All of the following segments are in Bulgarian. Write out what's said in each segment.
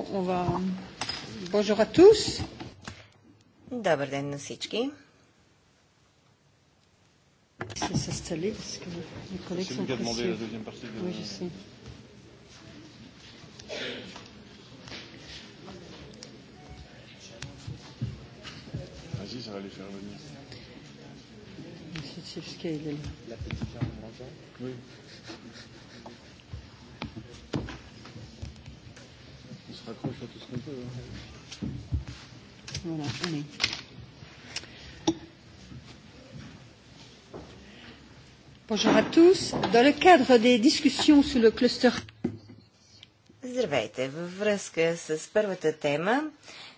Bon, on va... Bonjour à tous. Добър ден на всички. C'est s'installer parce que les collègues sont pressés. la deuxième partie de... Oui, je sais. Vas-y, ça va les faire venir. Monsieur Tsevska, il est là. La petite femme en Oui. Voilà, allez. Bonjour à tous. Dans le cadre des discussions sur le cluster... Здравейте! Във връзка с първата тема,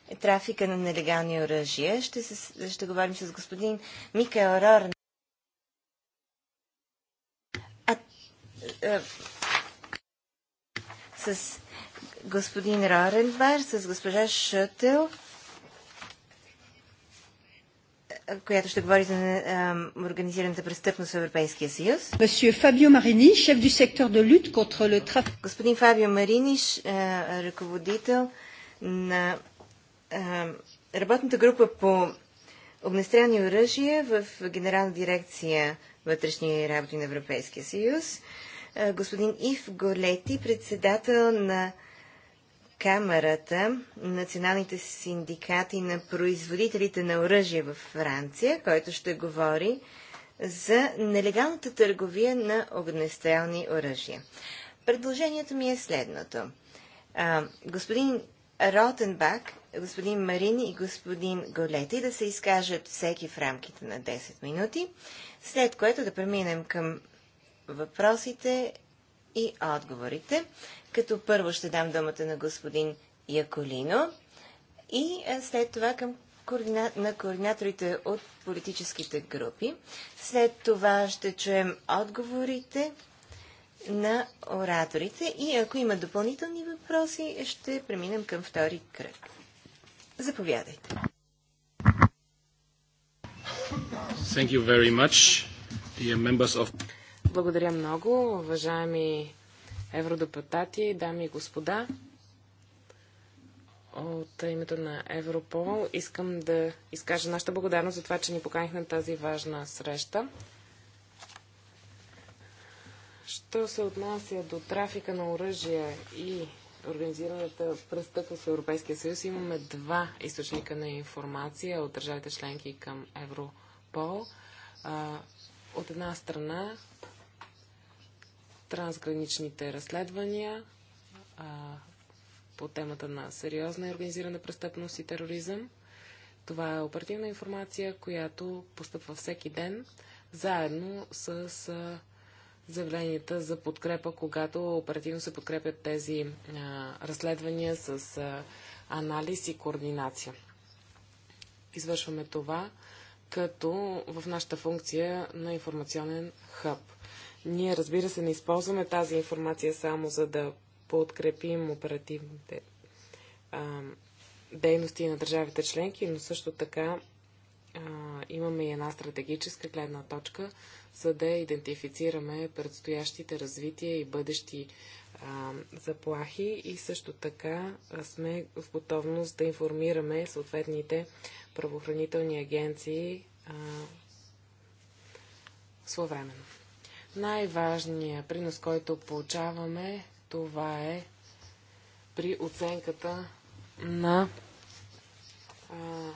е трафика на нелегални оръжия, ще, се, ще говорим с господин Микел Рорн. А, а, с господин Роренбар, с госпожа Шътел, която ще говори за организираната престъпност в Европейския съюз. Фабио Марини, шеф du сектор de lutte contre le trafic. Господин Фабио Марини, ръководител на работната група по огнестрелни оръжия в Генерална дирекция вътрешни работи на Европейския съюз. Господин Ив Голети, председател на Камерата, националните синдикати на производителите на оръжие в Франция, който ще говори за нелегалната търговия на огнестрелни оръжия. Предложението ми е следното. А, господин Ротенбак, господин Марин и господин Голети да се изкажат всеки в рамките на 10 минути, след което да преминем към въпросите и отговорите. Като първо ще дам думата на господин Яколино и е, след това към координа... на координаторите от политическите групи. След това ще чуем отговорите на ораторите и ако има допълнителни въпроси, ще преминем към втори кръг. Заповядайте. Thank you very much, dear members of... Благодаря много, уважаеми евродепутати, дами и господа. От името на Европол искам да изкажа нашата благодарност за това, че ни поканих на тази важна среща. Що се отнася до трафика на оръжия и организираната престъпност в Европейския съюз, имаме два източника на информация от държавите членки към Европол. От една страна трансграничните разследвания а, по темата на сериозна и организирана престъпност и тероризъм. Това е оперативна информация, която постъпва всеки ден, заедно с а, заявленията за подкрепа, когато оперативно се подкрепят тези а, разследвания с а, анализ и координация. Извършваме това като в нашата функция на информационен хъб – ние, разбира се, не използваме тази информация само за да подкрепим оперативните а, дейности на държавите членки, но също така а, имаме и една стратегическа гледна точка, за да идентифицираме предстоящите развития и бъдещи а, заплахи и също така сме в готовност да информираме съответните правоохранителни агенции а, своевременно. Най-важният принос, който получаваме, това е при оценката на а,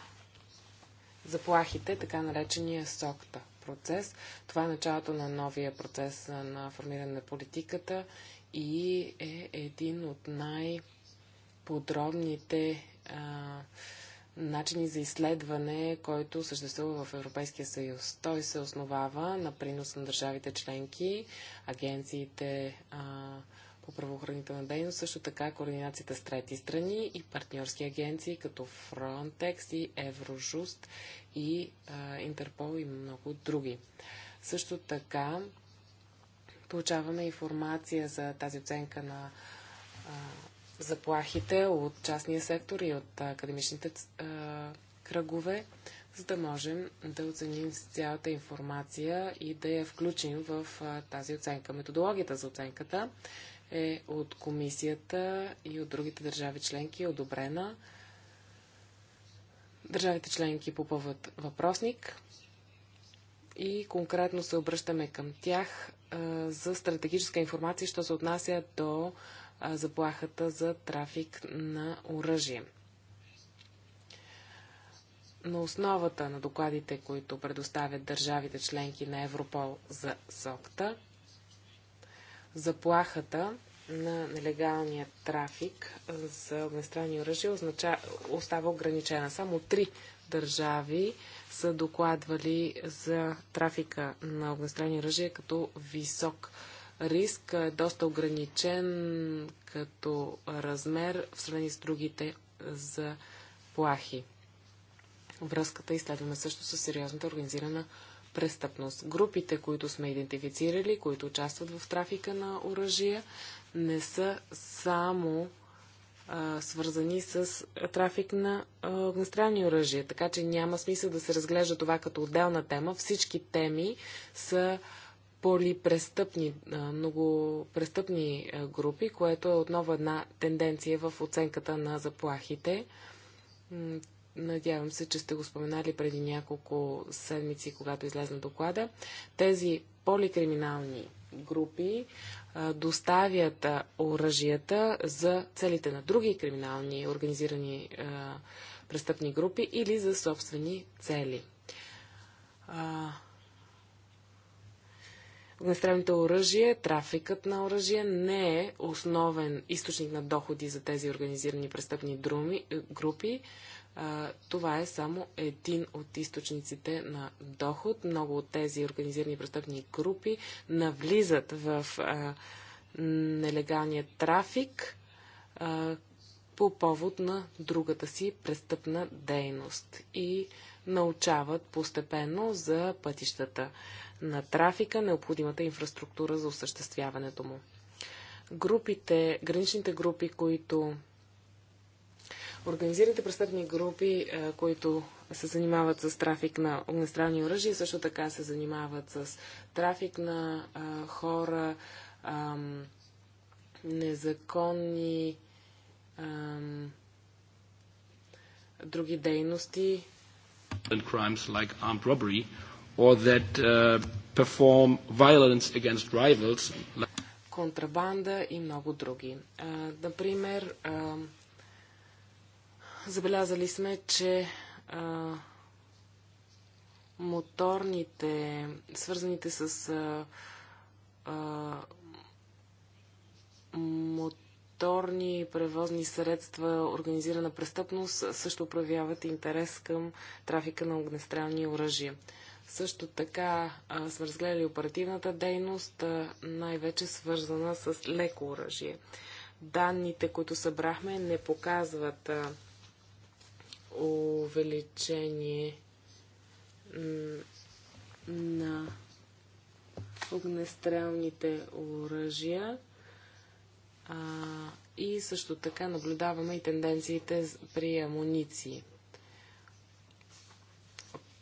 заплахите, така наречения СОКТА процес. Това е началото на новия процес на формиране на политиката и е един от най-подробните начини за изследване, който съществува в Европейския съюз. Той се основава на принос на държавите членки, агенциите а, по правоохранителна дейност, също така координацията с трети страни и партньорски агенции, като Frontex и Еврожуст и а, Интерпол и много други. Също така получаваме информация за тази оценка на а, заплахите от частния сектор и от академичните кръгове, за да можем да оценим цялата информация и да я включим в тази оценка. Методологията за оценката е от комисията и от другите държави членки е одобрена. Държавите членки попълват въпросник и конкретно се обръщаме към тях за стратегическа информация, що се отнася до заплахата за трафик на оръжие. На основата на докладите, които предоставят държавите членки на Европол за СОКТА, заплахата на нелегалния трафик за огнестрани оръжия означа... остава ограничена. Само три държави са докладвали за трафика на огнестрани оръжия като висок риск е доста ограничен като размер в сравнение с другите е, заплахи. Връзката е изследваме също с сериозната организирана престъпност. Групите, които сме идентифицирали, които участват в трафика на оръжия, не са само а, свързани с трафик на огнестрелни оръжия. Така че няма смисъл да се разглежда това като отделна тема. Всички теми са полипрестъпни, много престъпни групи, което е отново една тенденция в оценката на заплахите. Надявам се, че сте го споменали преди няколко седмици, когато излезна доклада. Тези поликриминални групи доставят оръжията за целите на други криминални организирани престъпни групи или за собствени цели огнестрелните оръжия, трафикът на оръжия не е основен източник на доходи за тези организирани престъпни друми, е, групи. Това е само един от източниците на доход. Много от тези организирани престъпни групи навлизат в нелегалния трафик по повод на другата си престъпна дейност и научават постепенно за пътищата на трафика, необходимата инфраструктура за осъществяването му. Групите, граничните групи, които Организираните престъпни групи, които се занимават с трафик на огнестрелни оръжия, също така се занимават с трафик на хора, незаконни други дейности. crimes like armed robbery or that uh, perform violence against rivals. Контрабанда и много други. Uh, например, uh, забелязали сме, че uh, моторните, свързаните с uh, uh, моторни превозни средства, организирана престъпност също проявяват интерес към трафика на огнестрелни оръжия. Също така а, сме разгледали оперативната дейност, най-вече свързана с леко оръжие. Данните, които събрахме, не показват а, увеличение на огнестрелните оръжия. А, и също така наблюдаваме и тенденциите при амуниции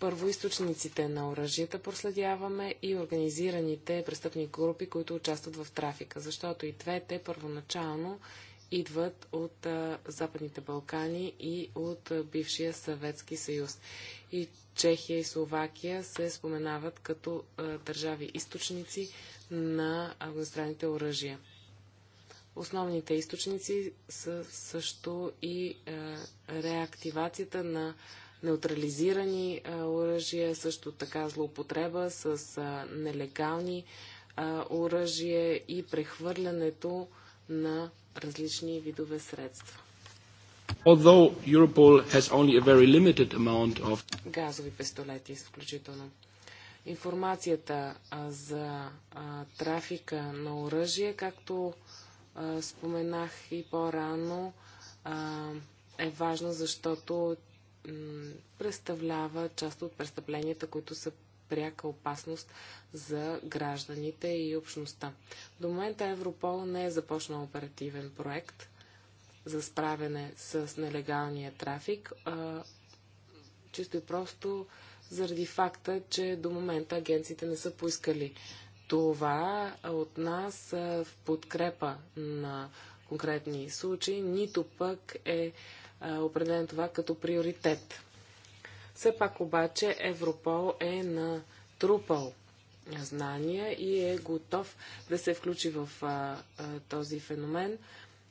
първоисточниците на оръжията проследяваме и организираните престъпни групи, които участват в трафика, защото и двете първоначално идват от а, Западните Балкани и от а, бившия Съветски съюз. И Чехия и Словакия се споменават като а, държави източници на огнестрелните оръжия. Основните източници са също и реактивацията на неутрализирани оръжия, също така злоупотреба с а, нелегални оръжия и прехвърлянето на различни видове средства. Although Europol has only a very limited amount of... Газови пистолети, изключително. Информацията а, за а, трафика на оръжие, както а, споменах и по-рано, е важна, защото представлява част от престъпленията, които са пряка опасност за гражданите и общността. До момента Европол не е започнал оперативен проект за справяне с нелегалния трафик, а, чисто и просто заради факта, че до момента агенциите не са поискали това от нас в подкрепа на конкретни случаи, нито пък е определен това като приоритет. Все пак обаче Европол е на трупал знания и е готов да се включи в а, а, този феномен.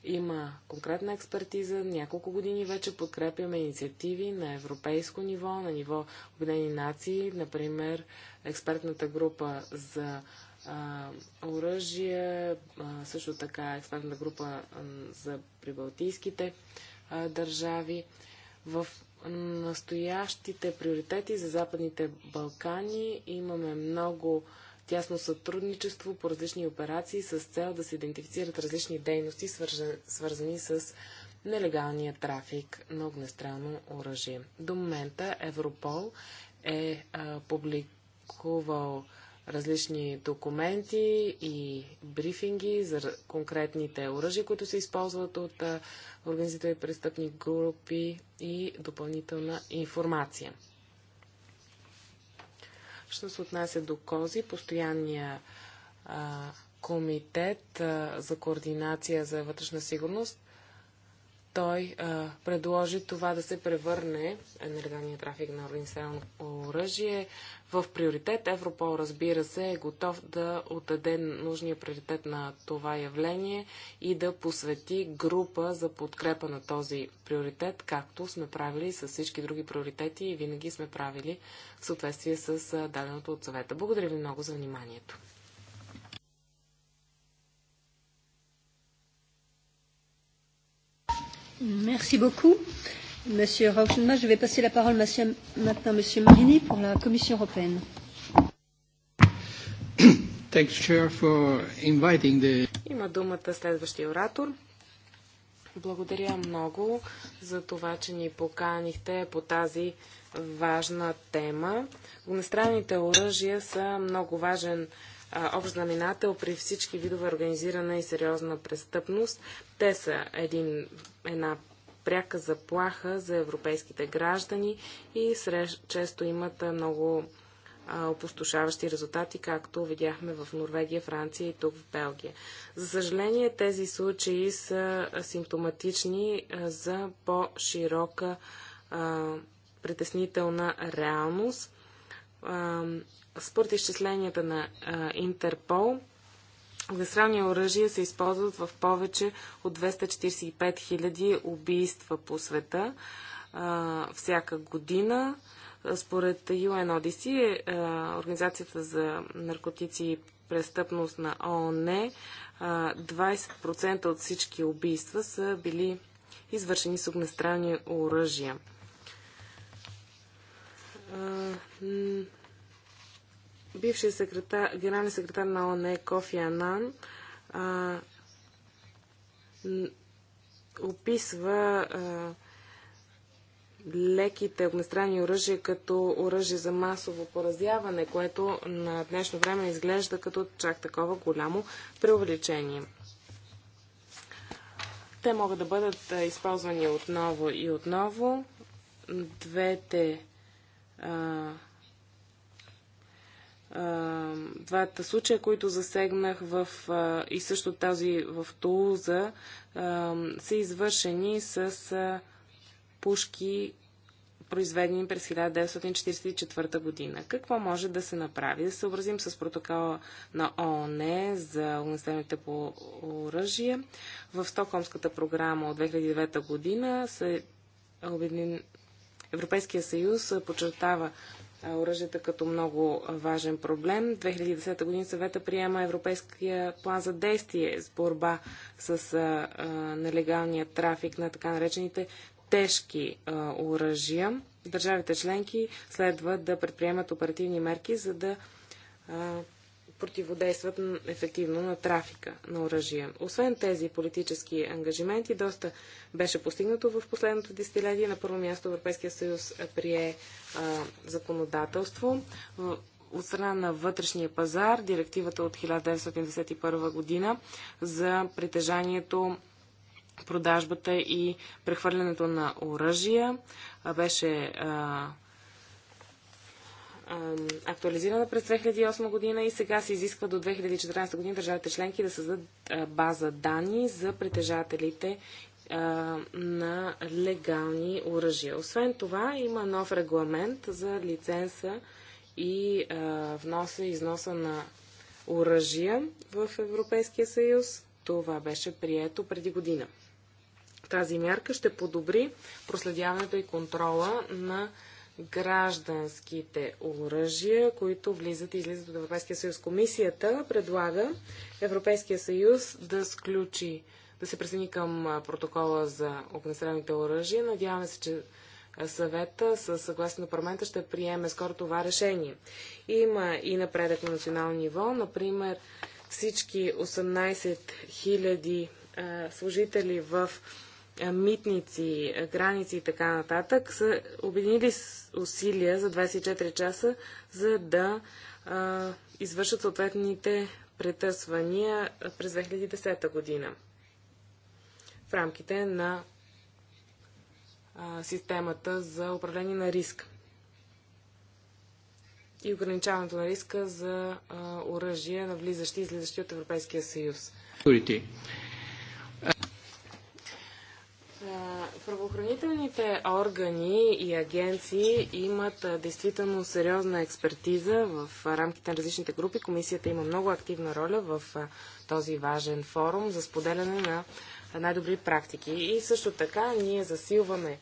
Има конкретна експертиза. Няколко години вече подкрепяме инициативи на европейско ниво, на ниво Обединени нации, например експертната група за а, оръжие, а, също така експертната група а, за прибалтийските държави. В настоящите приоритети за Западните Балкани имаме много тясно сътрудничество по различни операции с цел да се идентифицират различни дейности, свързани с нелегалния трафик на огнестрелно оръжие. До момента Европол е публикувал различни документи и брифинги за конкретните оръжия, които се използват от организирани престъпни групи и допълнителна информация. Що се отнася до КОЗИ, постоянния комитет за координация за вътрешна сигурност той а, предложи това да се превърне е, нелегалния трафик на организационно оръжие в приоритет. Европол, разбира се, е готов да отдаде нужния приоритет на това явление и да посвети група за подкрепа на този приоритет, както сме правили с всички други приоритети и винаги сме правили в съответствие с даденото от съвета. Благодаря ви много за вниманието. Merci beaucoup, Monsieur Rauschenbach. Je vais passer la parole maintenant à Monsieur Marini pour la Commission européenne. Thanks, Chair, for inviting the... Има думата следващия оратор. Благодаря много за това, че ни поканихте по тази важна тема. Огнестрелните оръжия са много важен общ знаменател при всички видове организирана и сериозна престъпност. Те са един, една пряка заплаха за европейските граждани и среж, често имат много опустошаващи резултати, както видяхме в Норвегия, Франция и тук в Белгия. За съжаление, тези случаи са симптоматични за по-широка притеснителна реалност според изчисленията на Интерпол, огнестрелни оръжия се използват в повече от 245 000 убийства по света а, всяка година. Според UNODC, е, Организацията за наркотици и престъпност на ООН, е, а, 20% от всички убийства са били извършени с огнестрелни оръжия. Бившият секретар, генерален секретар на ОНЕ Кофи Анан а, описва а, леките огнестрани оръжия като оръжие за масово поразяване, което на днешно време изглежда като чак такова голямо преувеличение. Те могат да бъдат използвани отново и отново. Двете двата случая, които засегнах в, а, и също тази в Тулуза, а, са извършени с а, пушки, произведени през 1944 година. Какво може да се направи? Да се образим с протокола на ООН за огнестрелните по оръжие. В Стокхолмската програма от 2009 година се обединен Европейския съюз подчертава оръжията като много важен проблем. 2010 година съвета приема Европейския план за действие с борба с а, а, нелегалния трафик на така наречените тежки а, оръжия. Държавите членки следва да предприемат оперативни мерки, за да а, противодействат ефективно на трафика на оръжия. Освен тези политически ангажименти, доста беше постигнато в последното десетилетие. На първо място Европейския съюз прие а, законодателство от страна на вътрешния пазар, директивата от 1991 година за притежанието продажбата и прехвърлянето на оръжия беше а, актуализирана през 2008 година и сега се изисква до 2014 година държавите членки да създадат база данни за притежателите на легални оръжия. Освен това има нов регламент за лиценса и вноса и износа на оръжия в Европейския съюз. Това беше прието преди година. Тази мярка ще подобри проследяването и контрола на гражданските оръжия, които влизат и излизат от Европейския съюз. Комисията предлага Европейския съюз да сключи, да се присъедини към протокола за огнестрелните оръжия. Надяваме се, че съвета със съгласие на парламента ще приеме скоро това решение. Има и напредък на национално ниво. Например, всички 18 000 служители в е, митници, е, граници и така нататък, са обединили усилия за 24 часа, за да а, извършат съответните претърсвания през 2010 година в рамките на а, системата за управление на риск и ограничаването на риска за оръжия, влизащи и излизащи от Европейския съюз правоохранителните органи и агенции имат а, действително сериозна експертиза в а, рамките на различните групи. Комисията има много активна роля в а, този важен форум за споделяне на най-добри практики. И също така ние засилваме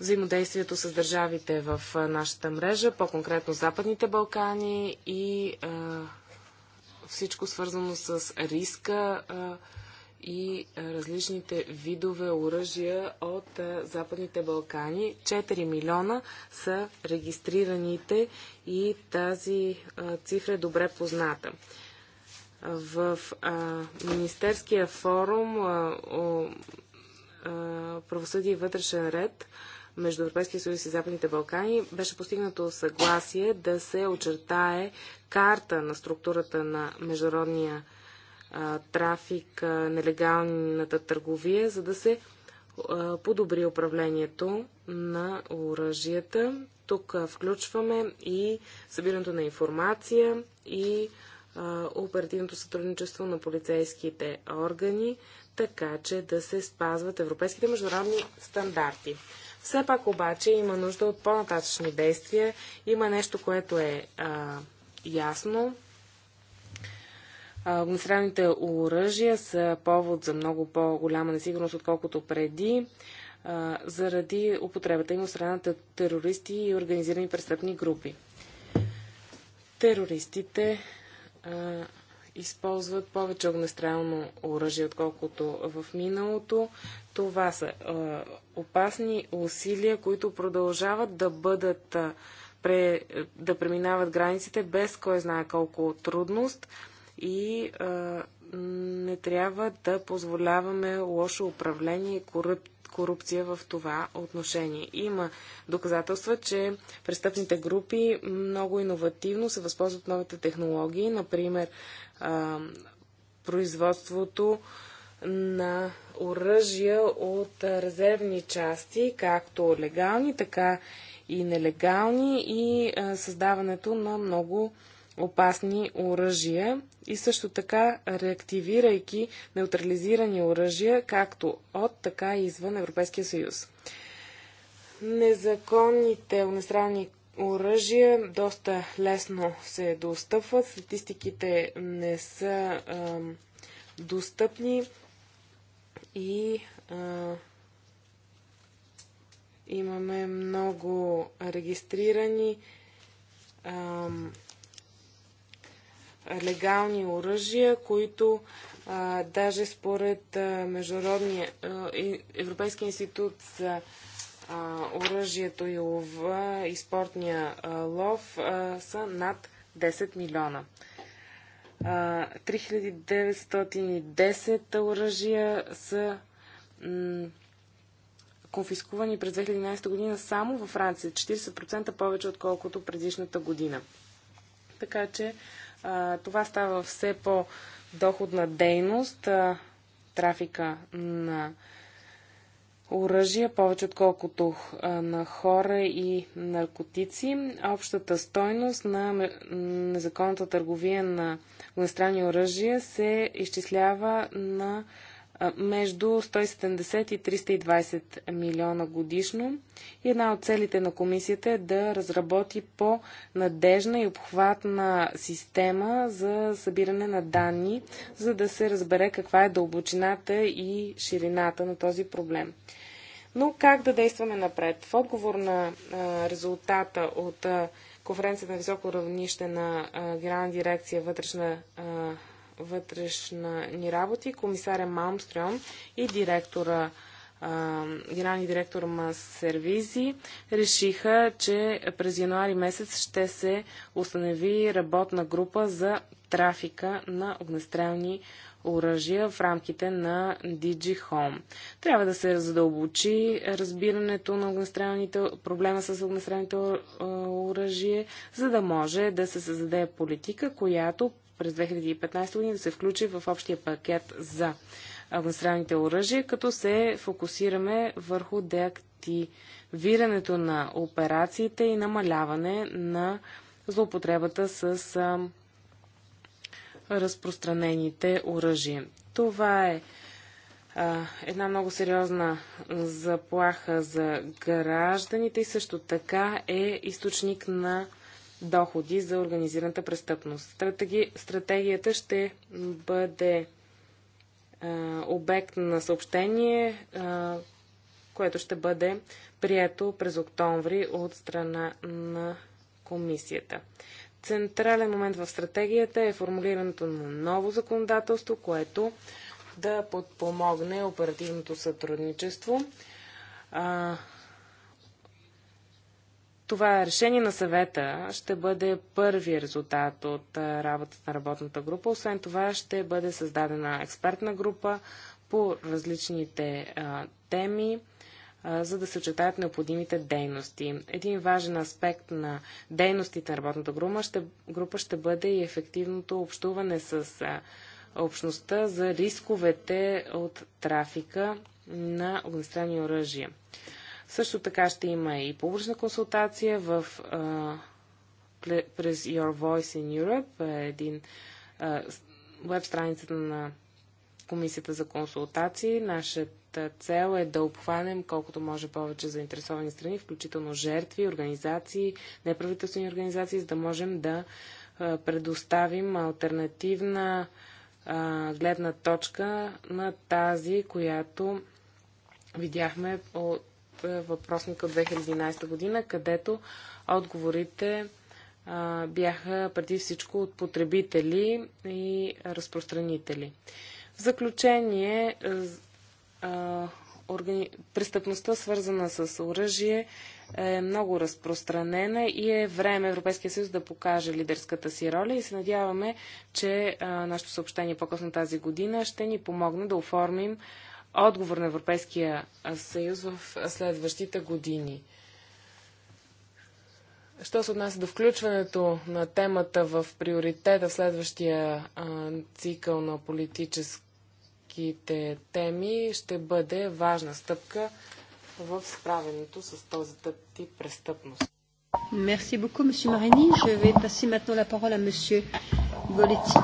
взаимодействието с държавите в нашата мрежа, по-конкретно Западните Балкани и всичко свързано с риска и различните видове оръжия от Западните Балкани. 4 милиона са регистрираните и тази цифра е добре позната. В Министерския форум правосъдие и вътрешен ред между Европейския съюз и Западните Балкани беше постигнато съгласие да се очертае карта на структурата на международния трафик, нелегалната търговия, за да се подобри управлението на оръжията. Тук включваме и събирането на информация и оперативното сътрудничество на полицейските органи, така че да се спазват европейските международни стандарти. Все пак обаче има нужда от по-нататъчни действия. Има нещо, което е а, ясно Огнестрелните оръжия са повод за много по-голяма несигурност, отколкото преди, заради употребата им от страна на терористи и организирани престъпни групи. Терористите а, използват повече огнестрелно оръжие, отколкото в миналото. Това са а, опасни усилия, които продължават да бъдат да преминават границите без кой знае колко трудност и а, не трябва да позволяваме лошо управление и коруп... корупция в това отношение. Има доказателства, че престъпните групи много иновативно се възползват новите технологии, например а, производството на оръжия от резервни части, както легални, така и нелегални, и а, създаването на много опасни оръжия и също така реактивирайки неутрализирани оръжия, както от, така и извън Европейския съюз. Незаконните огнестрални оръжия доста лесно се достъпват, статистиките не са а, достъпни и а, имаме много регистрирани легални оръжия, които а, даже според а, Международния а, Европейски институт за а, оръжието и лова и спортния а, лов а, са над 10 милиона. 3910 оръжия са конфискувани през 2011 година само във Франция. 40% повече отколкото предишната година. Така че това става все по-доходна дейност. трафика на оръжия, повече отколкото на хора и наркотици. Общата стойност на незаконната търговия на огнестрелни оръжия се изчислява на между 170 и 320 милиона годишно. И една от целите на комисията е да разработи по-надежна и обхватна система за събиране на данни, за да се разбере каква е дълбочината и ширината на този проблем. Но как да действаме напред? В отговор на а, резултата от а, конференцията на високо равнище на а, Генерална дирекция вътрешна Вътрешни работи, комисаря Малмстрём и директора генералния директор на сервизи, решиха, че през януари месец ще се установи работна група за трафика на огнестрелни оръжия в рамките на DigiHome. Трябва да се задълбочи разбирането на огнестрелните, проблема с огнестрелните оръжие, за да може да се създаде политика, която през 2015 година да се включи в общия пакет за огнестрелните оръжия, като се фокусираме върху деактивирането на операциите и намаляване на злоупотребата с разпространените оръжия. Това е а, една много сериозна заплаха за гражданите и също така е източник на доходи за организираната престъпност. Стратеги... Стратегията ще бъде а, обект на съобщение, а, което ще бъде прието през октомври от страна на комисията. Централен момент в стратегията е формулирането на ново законодателство, което да подпомогне оперативното сътрудничество. А, това решение на съвета ще бъде първи резултат от работата на работната група. Освен това ще бъде създадена експертна група по различните а, теми, а, за да се очетаят необходимите дейности. Един важен аспект на дейностите на работната група ще, група ще бъде и ефективното общуване с а, общността за рисковете от трафика на огнестрелни оръжия. Също така ще има и публична консултация в, а, през Your Voice in Europe, е един веб страницата на Комисията за консултации. Нашата цел е да обхванем колкото може повече заинтересовани страни, включително жертви, организации, неправителствени организации, за да можем да предоставим альтернативна а, гледна точка на тази, която видяхме от е въпросник от 2011 година, където отговорите а, бяха преди всичко от потребители и разпространители. В заключение, а, органи... престъпността, свързана с оръжие, е много разпространена и е време Европейския съюз да покаже лидерската си роля и се надяваме, че а, нашето съобщение по-късно тази година ще ни помогне да оформим отговор на Европейския съюз в следващите години. Що се отнася до включването на темата в приоритета в следващия цикъл на политическите теми, ще бъде важна стъпка в справянето с този тип престъпност. Merci beaucoup, Monsieur Marini. Je vais passer maintenant la parole à Monsieur Goletti.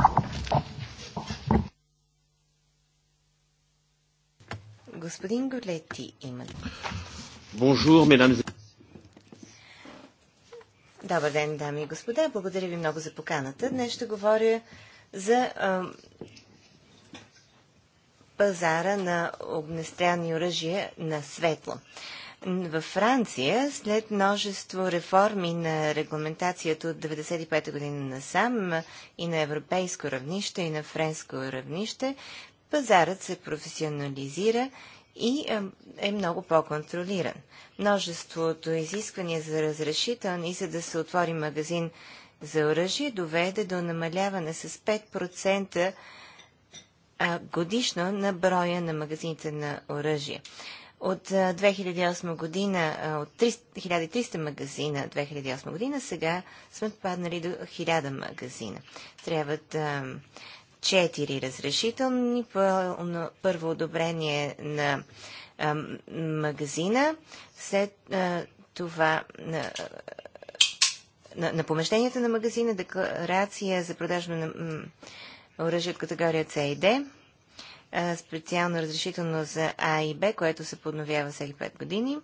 Господин Голети има. Добър ден, дами и господа. Благодаря ви много за поканата. Днес ще говоря за а, пазара на огнестрелни оръжия на светло. Във Франция, след множество реформи на регламентацията от 1995 година насам и на европейско равнище, и на френско равнище, пазарът се професионализира и е много по-контролиран. Множеството изисквания за разрешителни и за да се отвори магазин за оръжие доведе до намаляване с 5% годишно на броя на магазините на оръжие. От 2008 година, от 1300 магазина 2008 година, сега сме паднали до 1000 магазина. Трябват да Четири разрешителни, първо одобрение на магазина, след това на, на, на на магазина, декларация за продажба на оръжие от категория C и D, специално разрешително за А и Б, което се подновява всеки 5 години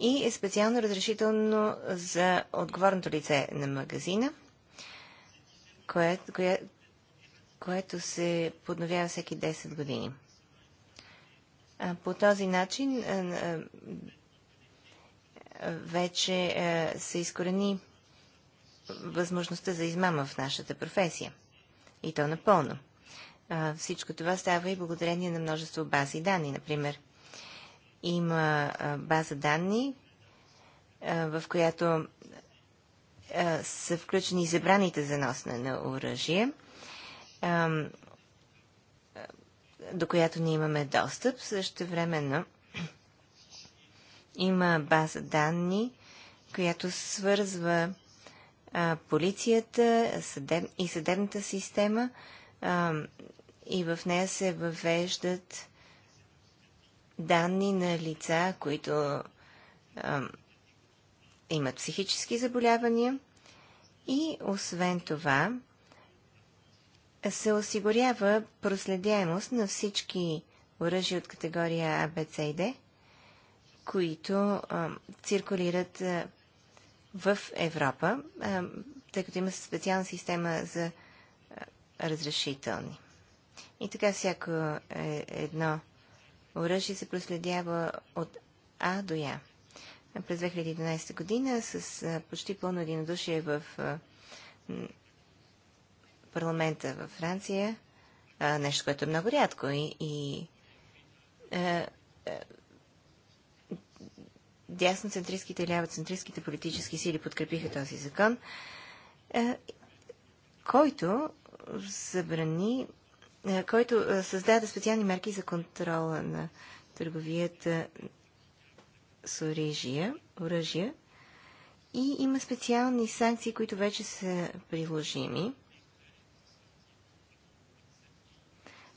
и е специално разрешително за отговорното лице на магазина, кое, кое, което се подновява всеки 10 години. По този начин вече се изкорени възможността за измама в нашата професия. И то напълно. Всичко това става и благодарение на множество бази данни. Например, има база данни, в която са включени забраните за носене на оръжие – до която ние имаме достъп. Също времено има база данни, която свързва а, полицията съдеб... и съдебната система а, и в нея се въвеждат данни на лица, които а, имат психически заболявания. И освен това, се осигурява проследяемост на всички оръжия от категория А, Б, С и Д, които а, циркулират а, в Европа, а, тъй като има специална система за а, разрешителни. И така всяко е, едно оръжие се проследява от А до Я. През 2011 година с а, почти пълно единодушие в а, парламента във Франция, нещо, което е много рядко и, и е, е, дясноцентристските и лявоцентристските политически сили подкрепиха този закон, е, който забрани, който създаде специални мерки за контрола на търговията с оръжия, оръжия и има специални санкции, които вече са приложими –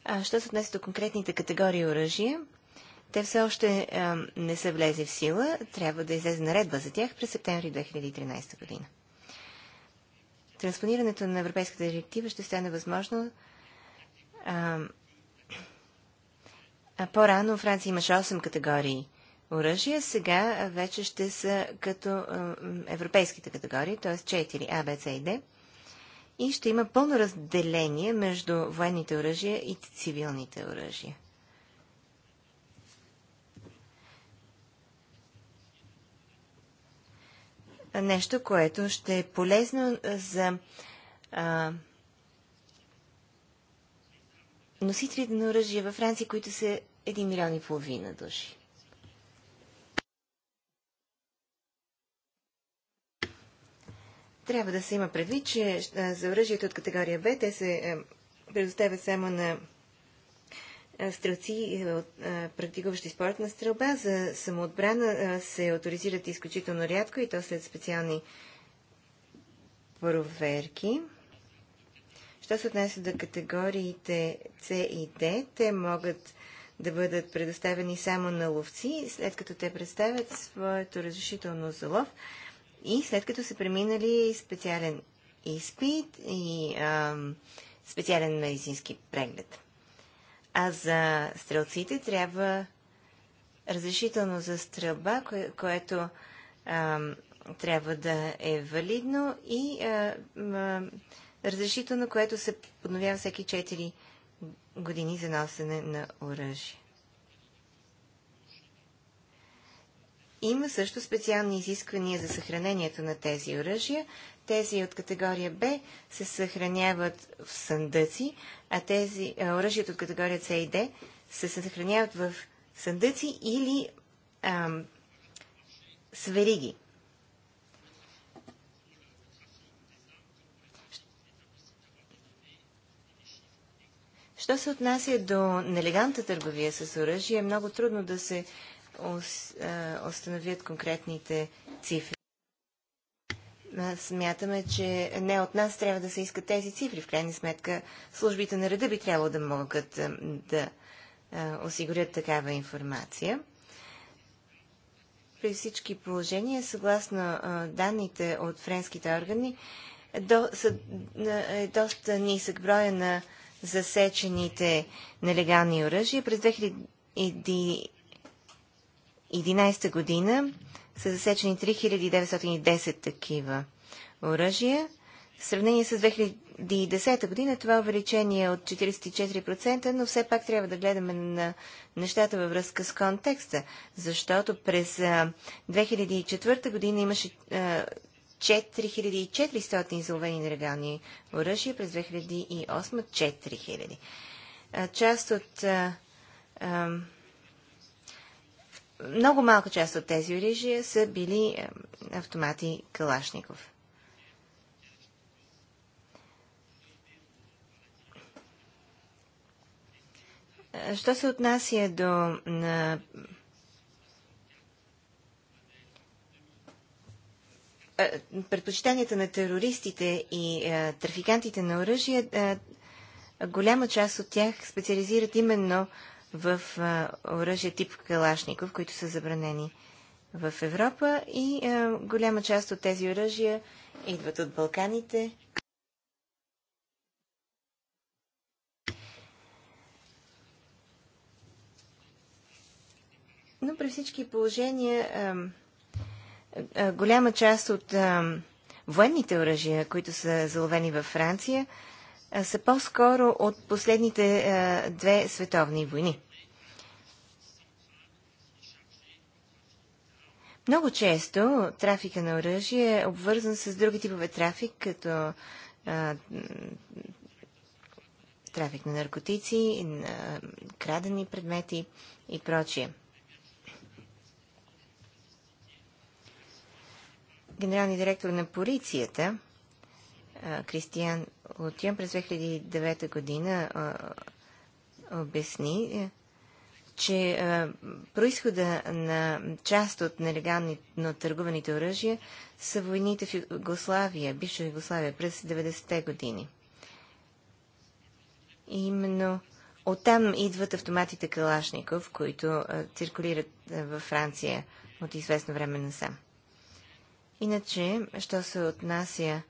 А що се отнесе до конкретните категории оръжия, те все още а, не са влезе в сила. Трябва да излезе наредба за тях през септември 2013 година. Транспонирането на Европейската директива ще стане възможно а, а по-рано Франция имаше 8 категории оръжия, сега вече ще са като а, европейските категории, т.е. 4 А, Б, С и Д и ще има пълно разделение между военните оръжия и цивилните оръжия. Нещо, което ще е полезно за а, носителите на оръжия във Франция, които са 1 милион и половина души. Трябва да се има предвид, че е, за оръжието от категория Б те се е, предоставят само на е, стрелци, практикуващи спортна стрелба. За самоотбрана се авторизират изключително рядко и то след специални проверки. Що се отнася до категориите С и Д, те могат да бъдат предоставени само на ловци, след като те представят своето разрешително за лов. И след като са преминали специален изпит и а, специален медицински преглед. А за стрелците трябва разрешително за стрелба, кое, което а, трябва да е валидно и а, а, разрешително, което се подновява всеки 4 години за носене на оръжие. Има също специални изисквания за съхранението на тези оръжия. Тези от категория Б се съхраняват в съндъци, а тези оръжията от категория С и Д се съхраняват в съндъци или ам, свериги. Що се отнася до нелегалната търговия с оръжие, е много трудно да се установят конкретните цифри. Смятаме, че не от нас трябва да се искат тези цифри. В крайна сметка, службите на реда би трябвало да могат да осигурят такава информация. При всички положения, съгласно данните от френските органи, е доста нисък броя на засечените нелегални оръжия. През 2011 година са засечени 3910 такива оръжия. В сравнение с 2010 година това увеличение е от 44%, но все пак трябва да гледаме на нещата във връзка с контекста, защото през 2004 година имаше 4400 изловени нелегални оръжия, през 2008 4000. Част от много малка част от тези оръжия са били е, автомати Калашников. Е, що се отнася до на, е, предпочитанията на терористите и трафикантите на оръжия. голяма част от тях специализират именно в оръжия тип Калашников, които са забранени в Европа и голяма част от тези оръжия идват от Балканите. Но при всички положения голяма част от военните оръжия, които са заловени във Франция, са по-скоро от последните две световни войни. Много често трафика на оръжие е обвързан с други типове трафик, като а, трафик на наркотици, на крадени предмети и прочие. Генералният директор на полицията Кристиан Лутиан през 2009 година обясни, е, че происхода на част от нелегално търгуваните оръжия са войните в Югославия, бивша Югославия, през 90-те години. именно оттам идват автоматите Калашников, които циркулират във Франция от известно време насам. Иначе, що се отнася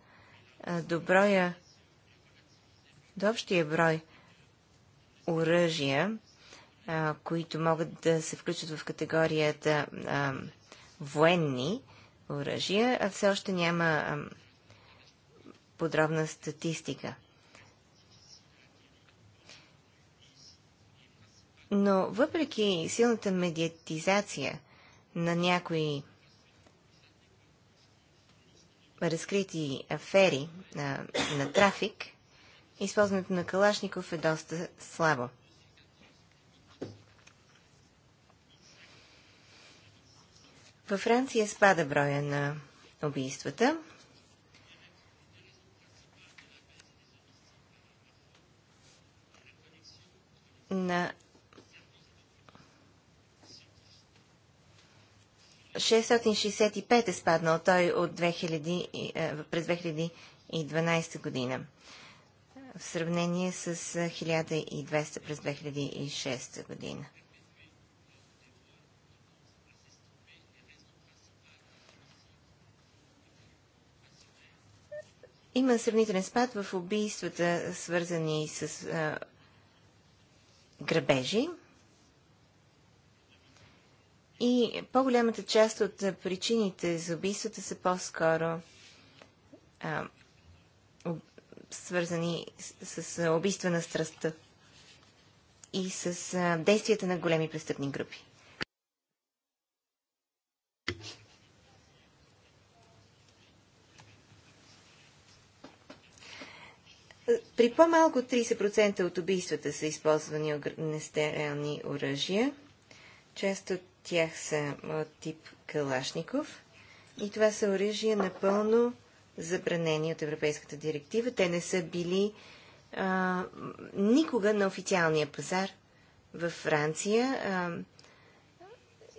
до броя, до общия брой оръжия, които могат да се включат в категорията военни оръжия, а все още няма подробна статистика. Но въпреки силната медиатизация на някои разкрити афери на, на трафик, използването на Калашников е доста слабо. Във Франция спада броя на убийствата. На 665 е спаднал той от 2000, е, през 2012 година в сравнение с 1200 е, през 2006 година. Има сравнителен спад в убийствата, свързани с а, е, грабежи. И по-голямата част от причините за убийствата са по-скоро свързани с, с убийства на страстта и с а, действията на големи престъпни групи. При по-малко 30% от убийствата са използвани огнестерелни оръжия. Част от тях са от тип Калашников и това са оръжия напълно забранени от Европейската директива. Те не са били а, никога на официалния пазар във Франция а,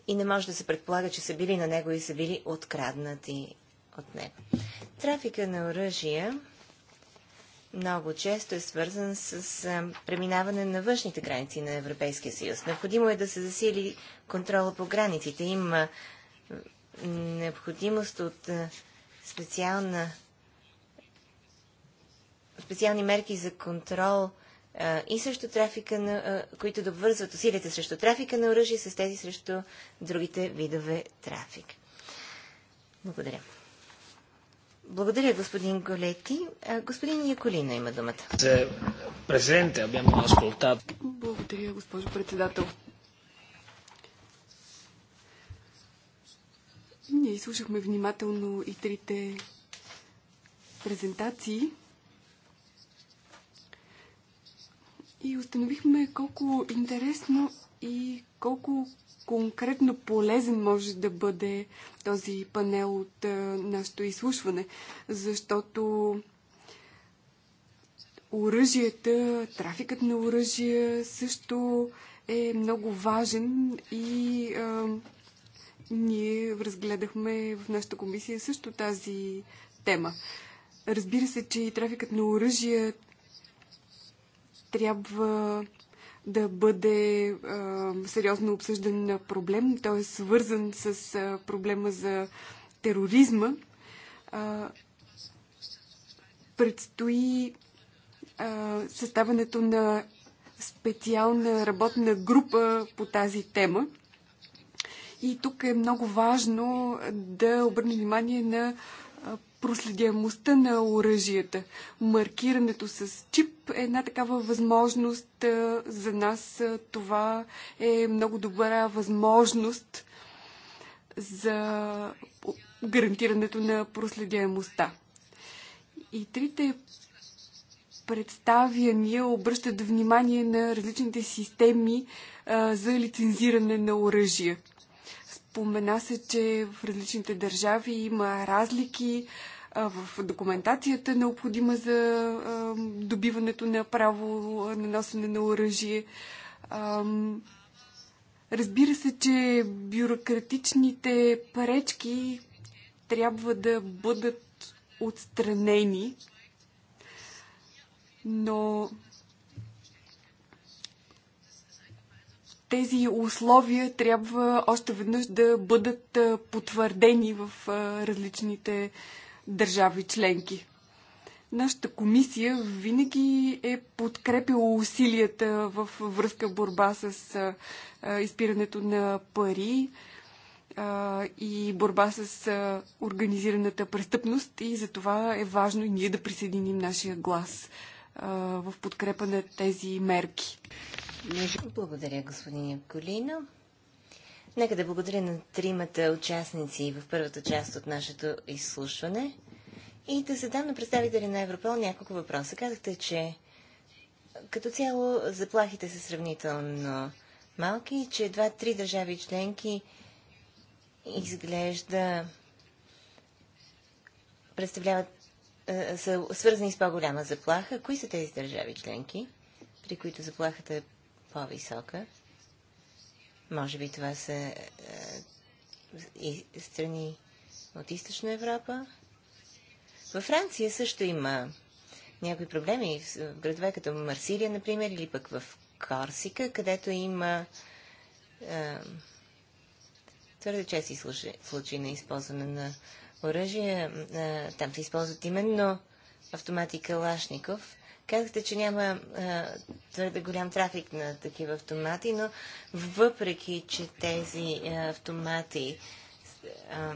и не може да се предполага, че са били на него и са били откраднати от него. Трафика на оръжия много често е свързан с преминаване на външните граници на Европейския съюз. Необходимо е да се засили контрола по границите. Има необходимост от специална специални мерки за контрол а, и срещу трафика, на, а, които довързват усилията срещу трафика на оръжие с тези срещу другите видове трафик. Благодаря. Благодаря, господин Голети. Господин Яколина има думата. Благодаря, госпожо председател. Ние слушахме внимателно и трите презентации и установихме колко интересно и колко конкретно полезен може да бъде този панел от е, нашето изслушване, защото оръжията, трафикът на оръжия също е много важен и а, е, ние разгледахме в нашата комисия също тази тема. Разбира се, че и трафикът на оръжия трябва да бъде а, сериозно обсъждан проблем. Той е свързан с а, проблема за тероризма. А, предстои а, съставането на специална работна група по тази тема. И тук е много важно да обърнем внимание на проследяемостта на оръжията. Маркирането с чип е една такава възможност за нас. Това е много добра възможност за гарантирането на проследяемостта. И трите представяния обръщат внимание на различните системи за лицензиране на оръжия. Спомена се, че в различните държави има разлики в документацията, е необходима за добиването на право на носене на оръжие. Разбира се, че бюрократичните пречки трябва да бъдат отстранени, но тези условия трябва още веднъж да бъдат потвърдени в различните държави членки. Нашата комисия винаги е подкрепила усилията в връзка борба с изпирането на пари и борба с организираната престъпност и за това е важно и ние да присъединим нашия глас в подкрепа на тези мерки. Благодаря, господин Яколино. Нека да благодаря на тримата участници в първата част от нашето изслушване и да задам на представители на Европол няколко въпроса. Казахте, че като цяло заплахите са сравнително малки, че два три държави членки изглежда представляват е, са свързани с по-голяма заплаха. Кои са тези държави членки, при които заплахата е по-висока. Може би това са е, и страни от източна Европа. Във Франция също има някои проблеми в градове като Марсилия, например, или пък в Корсика, където има е, твърде чести случаи на използване на оръжие. Е, там се използват именно автоматика Лашников. Казахте, че няма а, твърде голям трафик на такива автомати, но въпреки, че тези а, автомати, а,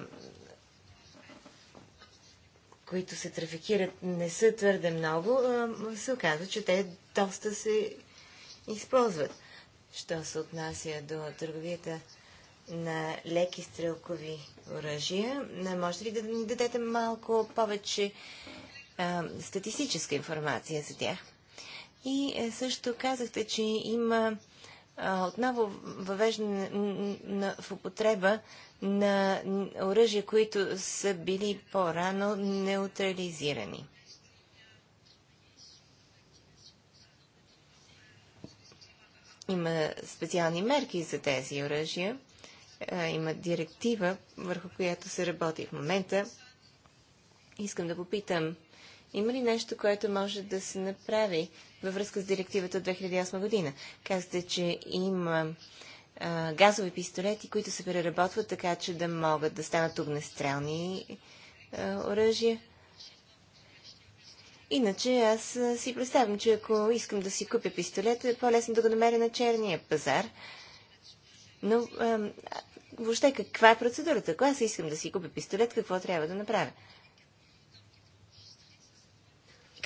които се трафикират, не са твърде много, а, се оказва, че те доста се използват. Що се отнася до търговията на леки стрелкови оръжия. не Може ли да ни дадете малко повече статистическа информация за тях. И е, също казахте, че има отново въвеждане в употреба на оръжия, които са били по-рано неутрализирани. Има специални мерки за тези оръжия. има директива, върху която се работи в момента. Искам да попитам има ли нещо, което може да се направи във връзка с директивата от 2008 година? Казахте, че има а, газови пистолети, които се преработват така, че да могат да станат огнестрелни оръжия. Иначе аз си представям, че ако искам да си купя пистолет, е по-лесно да го намеря на черния пазар. Но а, въобще каква е процедурата? Ако аз искам да си купя пистолет, какво трябва да направя?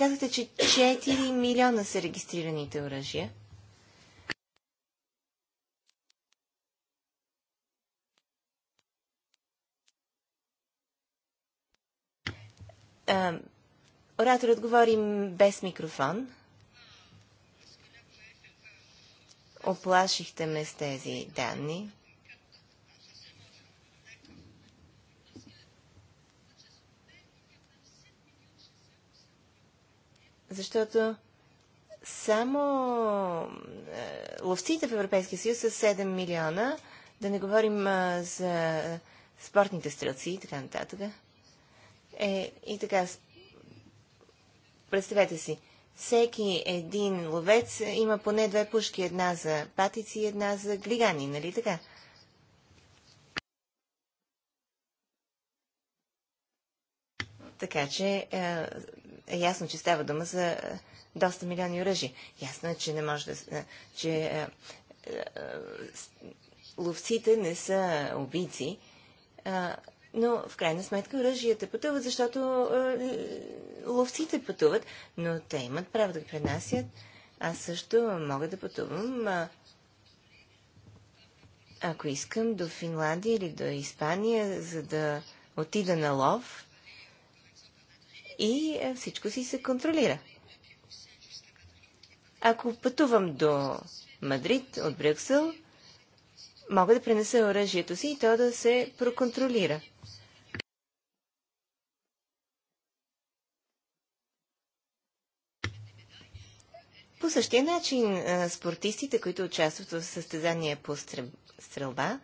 Казахте, че 4 милиона са регистрираните оръжия. ораторът говори без микрофон. Оплашихте ме с тези данни. Защото само е, ловците в Европейския съюз са 7 милиона, да не говорим за спортните стрелци и така нататък. Е, и така, представете си, всеки един ловец има поне две пушки, една за патици и една за глигани, нали така? Така че е, е ясно, че става дума за е, доста милиони оръжия. Ясно е, че не може да... Е, че е, ловците не са убийци, но в крайна сметка оръжията пътуват, защото ловците пътуват, но те имат право да ги пренасят. Аз също мога да пътувам ако искам до Финландия или до Испания, за да отида на лов, и е, всичко си се контролира. Ако пътувам до Мадрид от Брюксел, мога да пренеса оръжието си и то да се проконтролира. По същия начин е, спортистите, които участват в състезания по стрелба,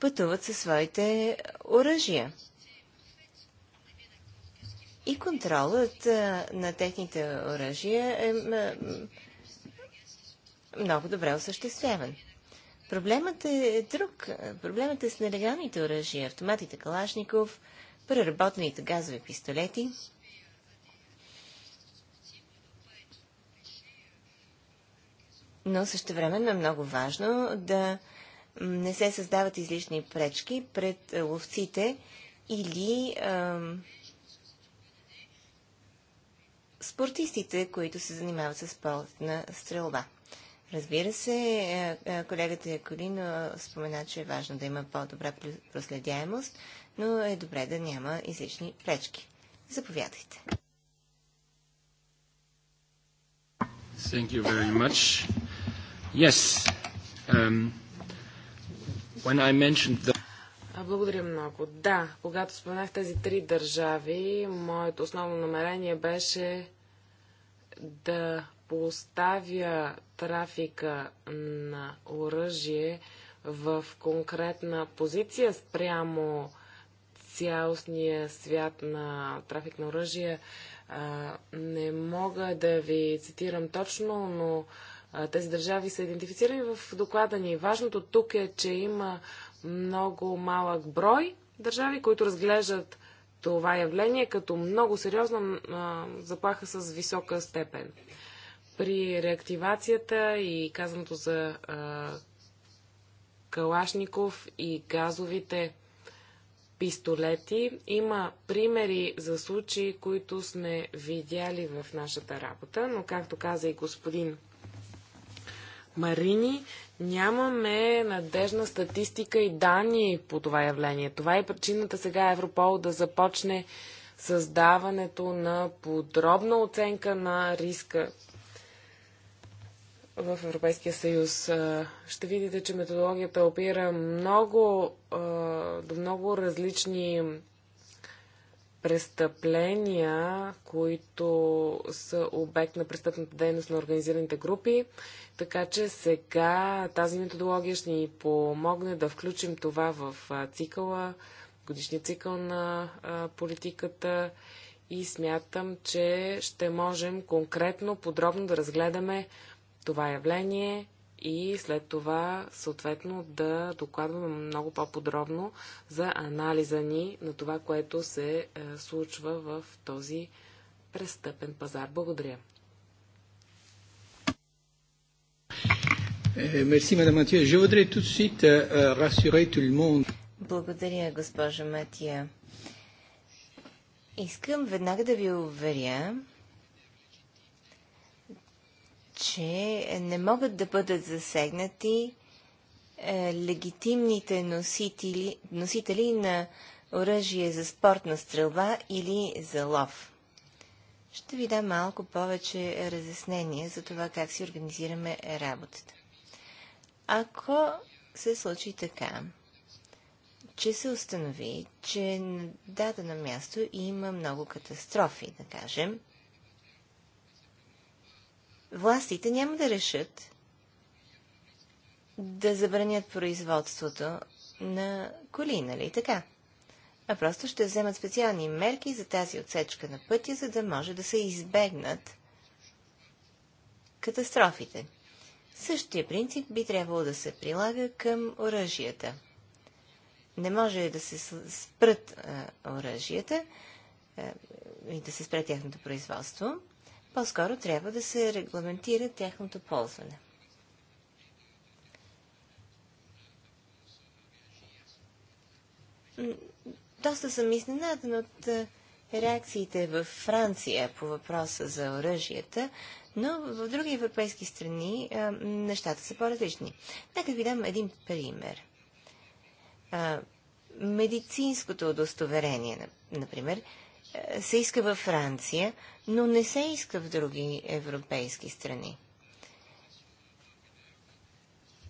пътуват със своите оръжия. И контролът а, на техните оръжия е много добре осъществяван. Проблемът е друг. Проблемът е с нелегалните оръжия, автоматите Калашников, преработените газови пистолети. Но време е много важно да не се създават излишни пречки пред ловците или спортистите, които се занимават с спортна стрелба. Разбира се, е, е, колегата Яколин спомена, че е важно да има по-добра проследяемост, но е добре да няма излишни пречки. Заповядайте. Thank you very much. Yes. Um, when I mentioned the благодаря много. Да, когато споменах тези три държави, моето основно намерение беше да поставя трафика на оръжие в конкретна позиция спрямо цялостния свят на трафик на оръжие. Не мога да ви цитирам точно, но тези държави са идентифицирани в доклада ни. Важното тук е, че има много малък брой държави, които разглеждат това явление като много сериозна заплаха с висока степен. При реактивацията и казаното за а, Калашников и газовите пистолети има примери за случаи, които сме видяли в нашата работа, но както каза и господин марини нямаме надежна статистика и данни по това явление. Това е причината сега Европол да започне създаването на подробна оценка на риска в Европейския съюз. Ще видите, че методологията опира много, до много различни престъпления, които са обект на престъпната дейност на организираните групи. Така че сега тази методология ще ни помогне да включим това в цикъла, годишния цикъл на политиката и смятам, че ще можем конкретно, подробно да разгледаме това явление и след това съответно да докладваме много по-подробно за анализа ни на това, което се е, случва в този престъпен пазар. Благодаря. Е, Je voudrais tout de suite е, rassurer tout le monde. Благодаря, госпожа Матия. Искам веднага да ви уверя, че не могат да бъдат засегнати е, легитимните носители, носители на оръжие за спортна стрелба или за лов. Ще ви дам малко повече разяснение за това как си организираме работата. Ако се случи така, че се установи, че на дадено място има много катастрофи, да кажем, Властите няма да решат да забранят производството на коли, нали така? А просто ще вземат специални мерки за тази отсечка на пътя, за да може да се избегнат катастрофите. Същия принцип би трябвало да се прилага към оръжията. Не може да се спрат оръжията и да се спре тяхното производство. По-скоро трябва да се регламентира тяхното ползване. Доста съм изненадан от реакциите във Франция по въпроса за оръжията, но в други европейски страни нещата са по-различни. Нека ви дам един пример. медицинското удостоверение, например, е, се иска във Франция, но не се иска в други европейски страни.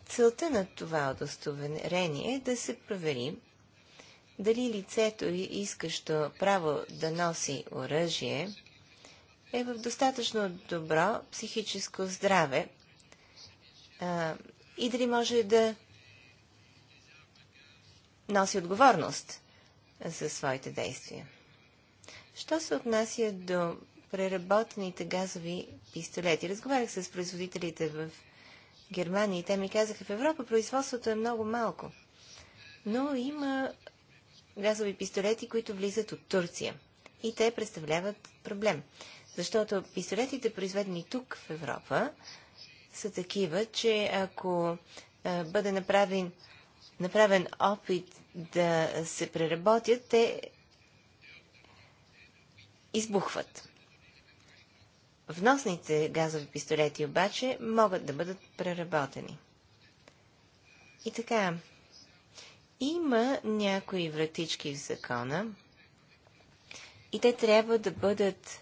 Целта на това удостоверение е да се провери дали лицето, искащо право да носи оръжие, е в достатъчно добро психическо здраве а, и дали може да носи отговорност за своите действия. Що се отнася до преработените газови пистолети? Разговарях с производителите в Германия и те ми казаха, в Европа производството е много малко. Но има газови пистолети, които влизат от Турция. И те представляват проблем. Защото пистолетите, произведени тук в Европа, са такива, че ако бъде направен, направен опит да се преработят, те избухват. Вносните газови пистолети обаче могат да бъдат преработени. И така, има някои вратички в закона и те трябва да бъдат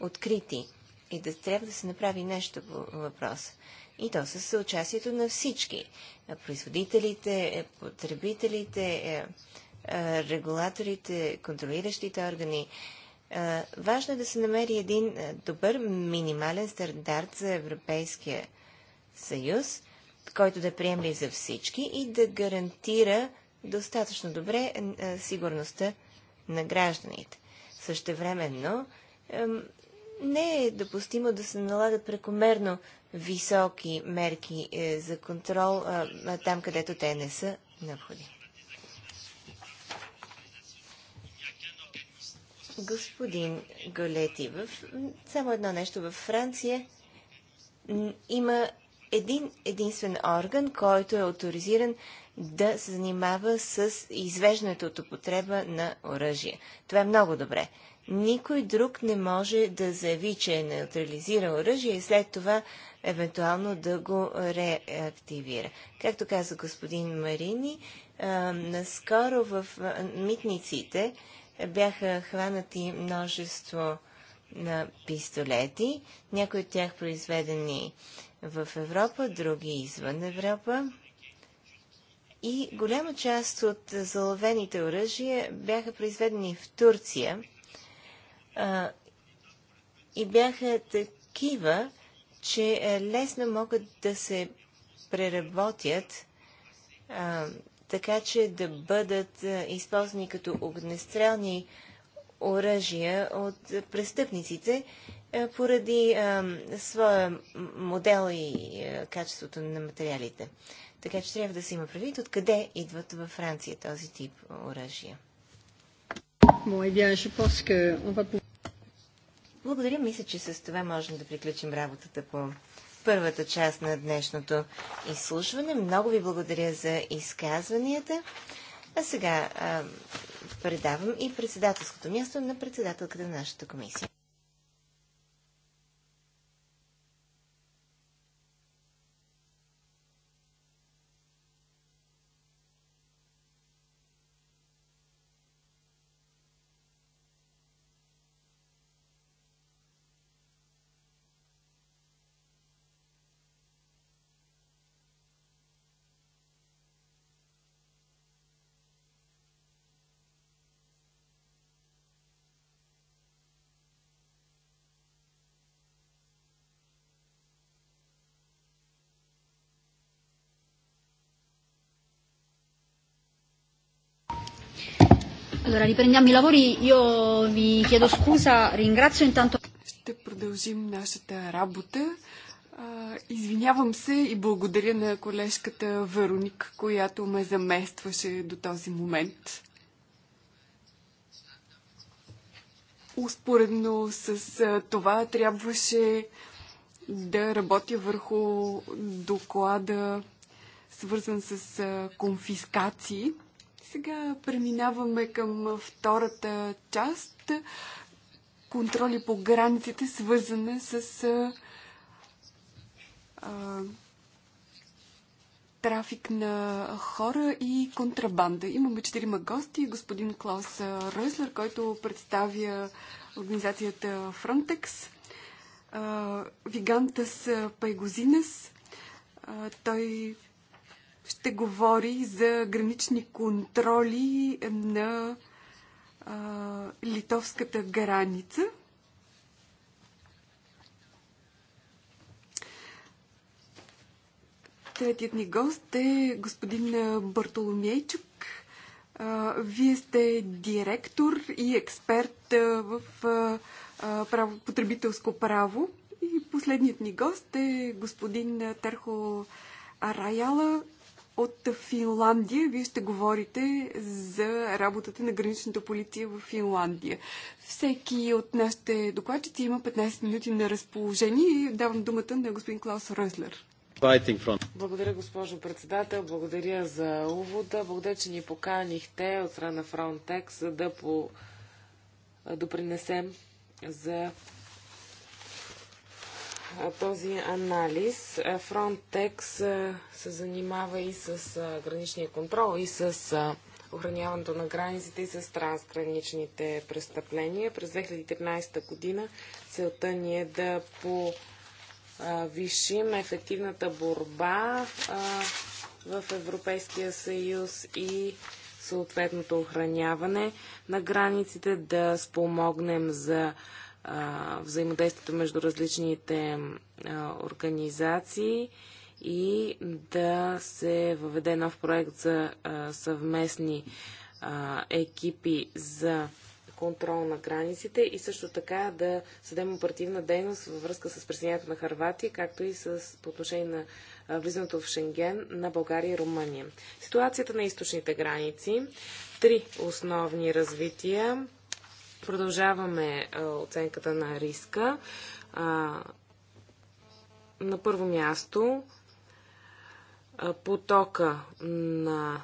открити и да трябва да се направи нещо по въпроса. И то с съучастието на всички. Производителите, потребителите, е, е, регулаторите, контролиращите органи, Важно е да се намери един добър минимален стандарт за Европейския съюз, който да приемли за всички и да гарантира достатъчно добре сигурността на гражданите. Същевременно не е допустимо да се налагат прекомерно високи мерки е, за контрол там, където те не са необходими. господин Голети. В... Само едно нещо. Във Франция има един единствен орган, който е авторизиран да се занимава с извеждането от употреба на оръжие. Това е много добре. Никой друг не може да заяви, че е неутрализирал оръжие и след това евентуално да го реактивира. Както каза господин Марини, наскоро в митниците бяха хванати множество на пистолети, някои от тях произведени в Европа, други извън Европа. И голяма част от заловените оръжия бяха произведени в Турция а, и бяха такива, че лесно могат да се преработят а, така че да бъдат е, използвани като огнестрелни оръжия от е, престъпниците е, поради а, своя модел и а, качеството на материалите. Така че трябва да се има предвид откъде идват във Франция този тип оръжия. Eh Благодаря. Мисля, че с това можем да приключим работата по първата част на днешното изслушване. Много ви благодаря за изказванията. А сега а, предавам и председателското място на председателката на нашата комисия. Allora, riprendiamo i lavori. Io vi chiedo scusa, ringrazio intanto. Ще продължим нашата работа. Извинявам се и благодаря на колежката Вероник, която ме заместваше до този момент. Успоредно с това трябваше да работя върху доклада, свързан с конфискации. Сега преминаваме към втората част. Контроли по границите, свързане с а, а, трафик на хора и контрабанда. Имаме четирима гости. Господин Клаус Ройслер, който представя организацията Frontex. Вигантас Пайгозинес. Той ще говори за гранични контроли на а, литовската граница. Третият ни гост е господин Бартоломейчук. Вие сте директор и експерт в право, потребителско право. И последният ни гост е господин Терхо Араяла, от Финландия. Вие ще говорите за работата на граничната полиция в Финландия. Всеки от нашите докладчици има 15 минути на разположение и давам думата на господин Клаус Ръзлер. Благодаря, госпожо председател. Благодаря за увода. Благодаря, че ни поканихте от страна Frontex, за да по... допринесем за този анализ. Frontex се занимава и с граничния контрол, и с охраняването на границите и с трансграничните престъпления. През 2013 година целта ни е да повишим ефективната борба а, в Европейския съюз и съответното охраняване на границите, да спомогнем за взаимодействието между различните а, организации и да се въведе нов проект за а, съвместни екипи за контрол на границите и също така да съдем оперативна дейност във връзка с присъединяването на Харватия, както и с, по отношение на влизането в Шенген на България и Румъния. Ситуацията на източните граници. Три основни развития Продължаваме а, е, оценката на риска. А, на първо място а, потока на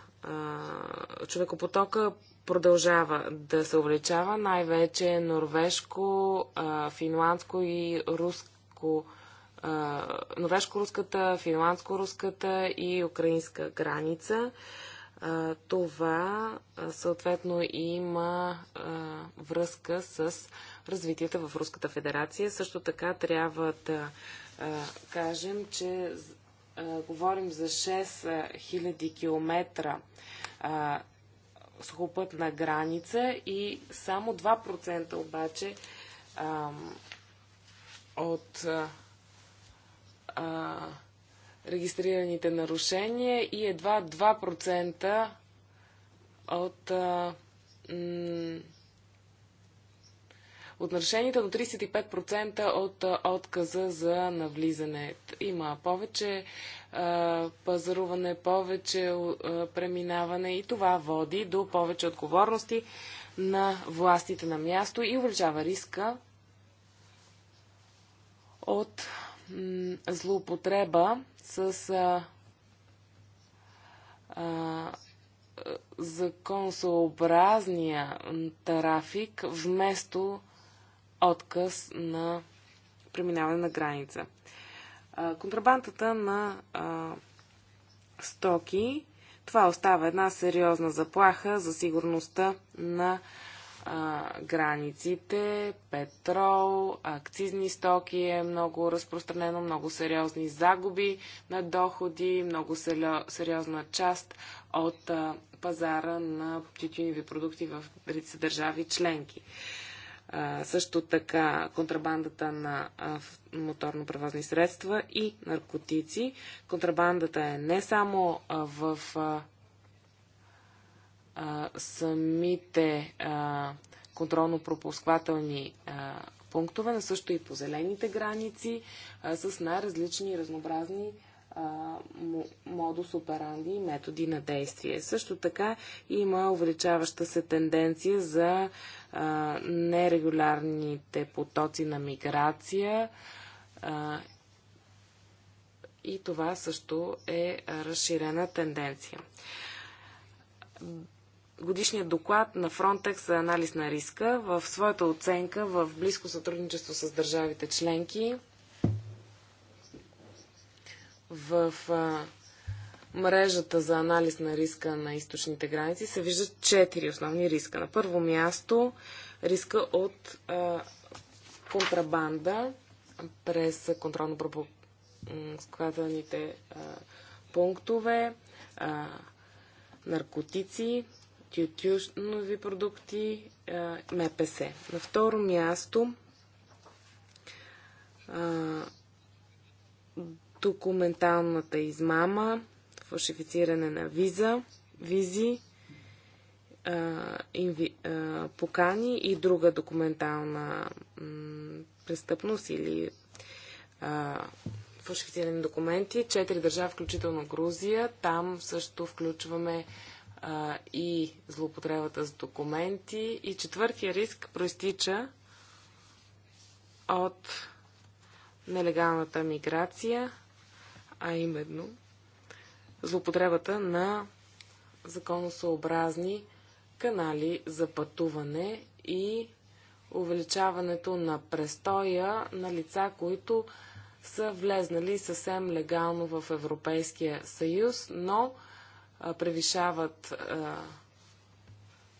човекопотока продължава да се увеличава, най-вече норвежко, финландско и руско норвежко-руската, финландско-руската и украинска граница това съответно има връзка с развитието в Руската федерация. Също така трябва да кажем, че говорим за 6000 км сухопътна граница и само 2% обаче от регистрираните нарушения и едва 2% от, а, от нарушенията до 35% от а, отказа за навлизане. Има повече а, пазаруване, повече а, преминаване и това води до повече отговорности на властите на място и увеличава риска от злоупотреба с а, а, законсообразния трафик вместо отказ на преминаване на граница. А, контрабандата на а, стоки това остава една сериозна заплаха за сигурността на границите, петрол, акцизни стоки е много разпространено, много сериозни загуби на доходи, много сериозна част от пазара на тютюневи продукти в редица държави членки. също така контрабандата на моторно превозни средства и наркотици. Контрабандата е не само в а, самите контролно-пропусквателни пунктове, но също и по зелените граници, а, с най-различни разнообразни модус операнди и методи на действие. Също така има увеличаваща се тенденция за а, нерегулярните потоци на миграция а, и това също е разширена тенденция годишния доклад на Frontex за анализ на риска в своята оценка в близко сътрудничество с държавите членки в мрежата за анализ на риска на източните граници се виждат четири основни риска. На първо място риска от а, контрабанда през контролно-пропускателните пунктове, а, наркотици, тютюнови продукти, МПС. На второ място документалната измама, фалшифициране на виза, визи, покани и друга документална престъпност или фалшифицирани документи. Четири държави, включително Грузия. Там също включваме а, и злоупотребата с документи. И четвъртия риск проистича от нелегалната миграция, а именно злоупотребата на законосъобразни канали за пътуване и увеличаването на престоя на лица, които са влезнали съвсем легално в Европейския съюз, но превишават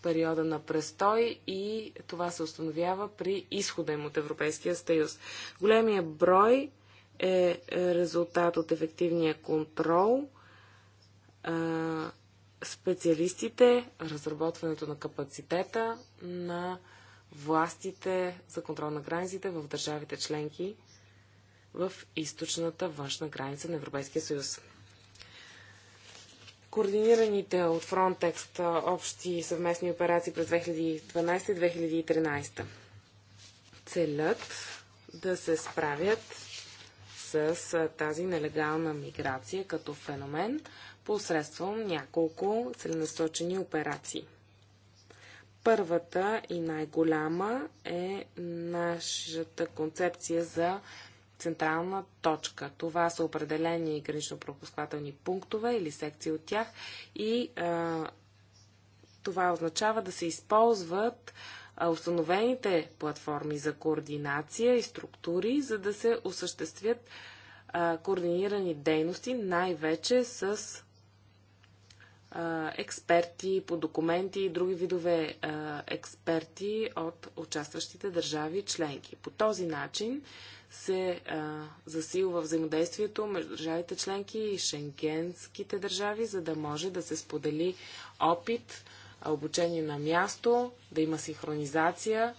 периода на престой и това се установява при изхода им от Европейския съюз. Големия брой е резултат от ефективния контрол, специалистите, разработването на капацитета на властите за контрол на границите в държавите членки в източната външна граница на Европейския съюз координираните от Frontex общи съвместни операции през 2012-2013 целят да се справят с тази нелегална миграция като феномен посредством няколко целенасочени операции. Първата и най-голяма е нашата концепция за централна точка. Това са определени гранично-пропускателни пунктове или секции от тях и а, това означава да се използват установените платформи за координация и структури, за да се осъществят а, координирани дейности, най-вече с а, експерти по документи и други видове а, експерти от участващите държави членки. По този начин се а, засилва взаимодействието между държавите членки и шенгенските държави, за да може да се сподели опит, обучение на място, да има синхронизация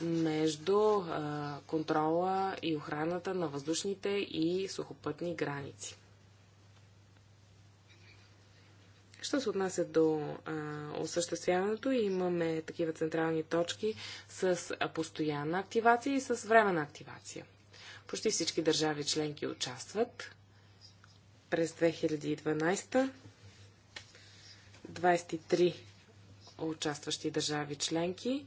между а, контрола и охраната на въздушните и сухопътни граници. Що се отнася до а, осъществяването, имаме такива централни точки с постоянна активация и с временна активация. Почти всички държави членки участват. През 2012 23 участващи държави членки.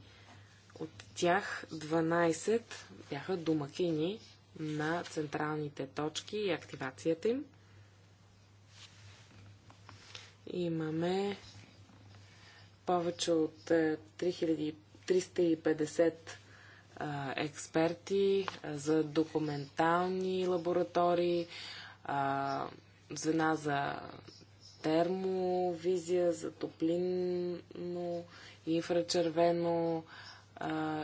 От тях 12 бяха домакини на централните точки и активацията им. Имаме повече от 3350 е, експерти за документални лаборатории, звена за термовизия, за топлинно инфрачервено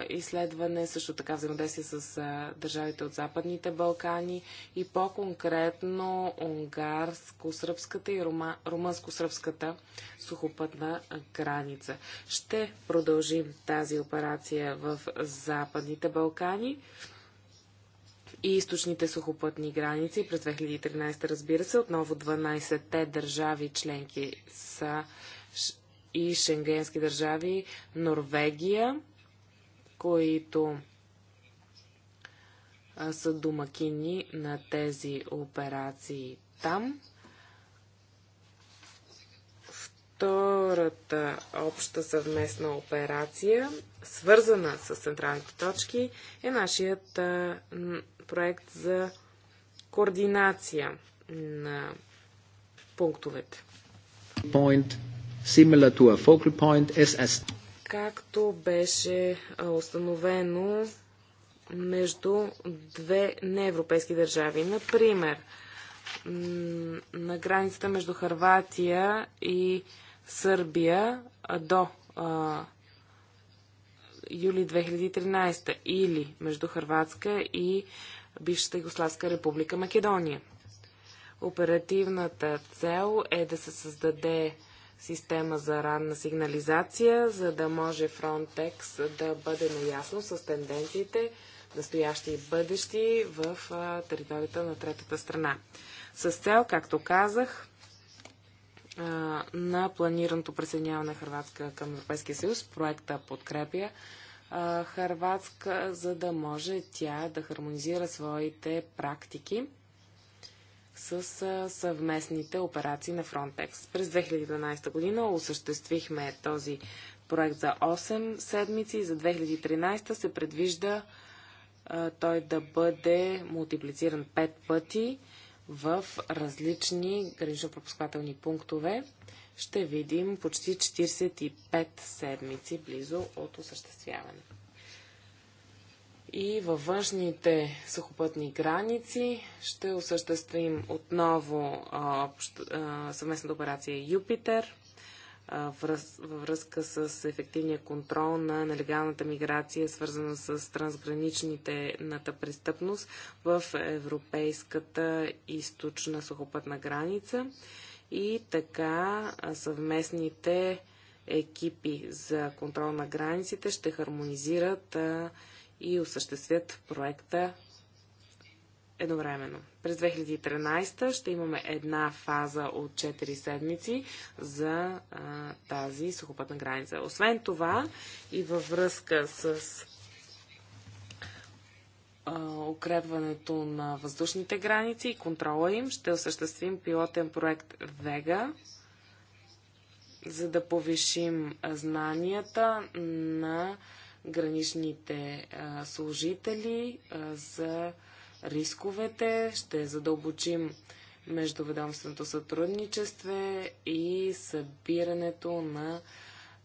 изследване, също така взаимодействие с държавите от Западните Балкани и по-конкретно унгарско-сръбската и рума, румънско-сръбската сухопътна граница. Ще продължим тази операция в Западните Балкани и източните сухопътни граници през 2013, разбира се, отново 12-те държави членки са и шенгенски държави, Норвегия, които са домакини на тези операции там. Втората обща съвместна операция, свързана с централните точки, е нашият проект за координация на пунктовете. Point, similar to a focal point, както беше установено между две неевропейски държави. Например, на границата между Харватия и Сърбия до а, юли 2013 или между Харватска и бившата Югославска република Македония. Оперативната цел е да се създаде система за ранна сигнализация, за да може Frontex да бъде наясно с тенденциите, настоящи и бъдещи, в територията на третата страна. С цел, както казах, на планираното присъединяване на Хрватска към Европейския съюз, проекта подкрепя а, Хрватска, за да може тя да хармонизира своите практики с съвместните операции на Frontex. През 2012 година осъществихме този проект за 8 седмици и за 2013 се предвижда той да бъде мултиплициран 5 пъти в различни гранично-пропускателни пунктове. Ще видим почти 45 седмици близо от осъществяване. И във външните сухопътни граници ще осъществим отново съвместната операция Юпитер във връзка с ефективния контрол на нелегалната миграция, свързана с трансграничните престъпност в европейската източна сухопътна граница и така съвместните екипи за контрол на границите ще хармонизират а, и осъществят проекта едновременно. През 2013 ще имаме една фаза от 4 седмици за а, тази сухопътна граница. Освен това и във връзка с укрепването на въздушните граници и контрола им. Ще осъществим пилотен проект Вега, за да повишим знанията на граничните а, служители, а, за рисковете. Ще задълбочим междуведомственото сътрудничество и събирането на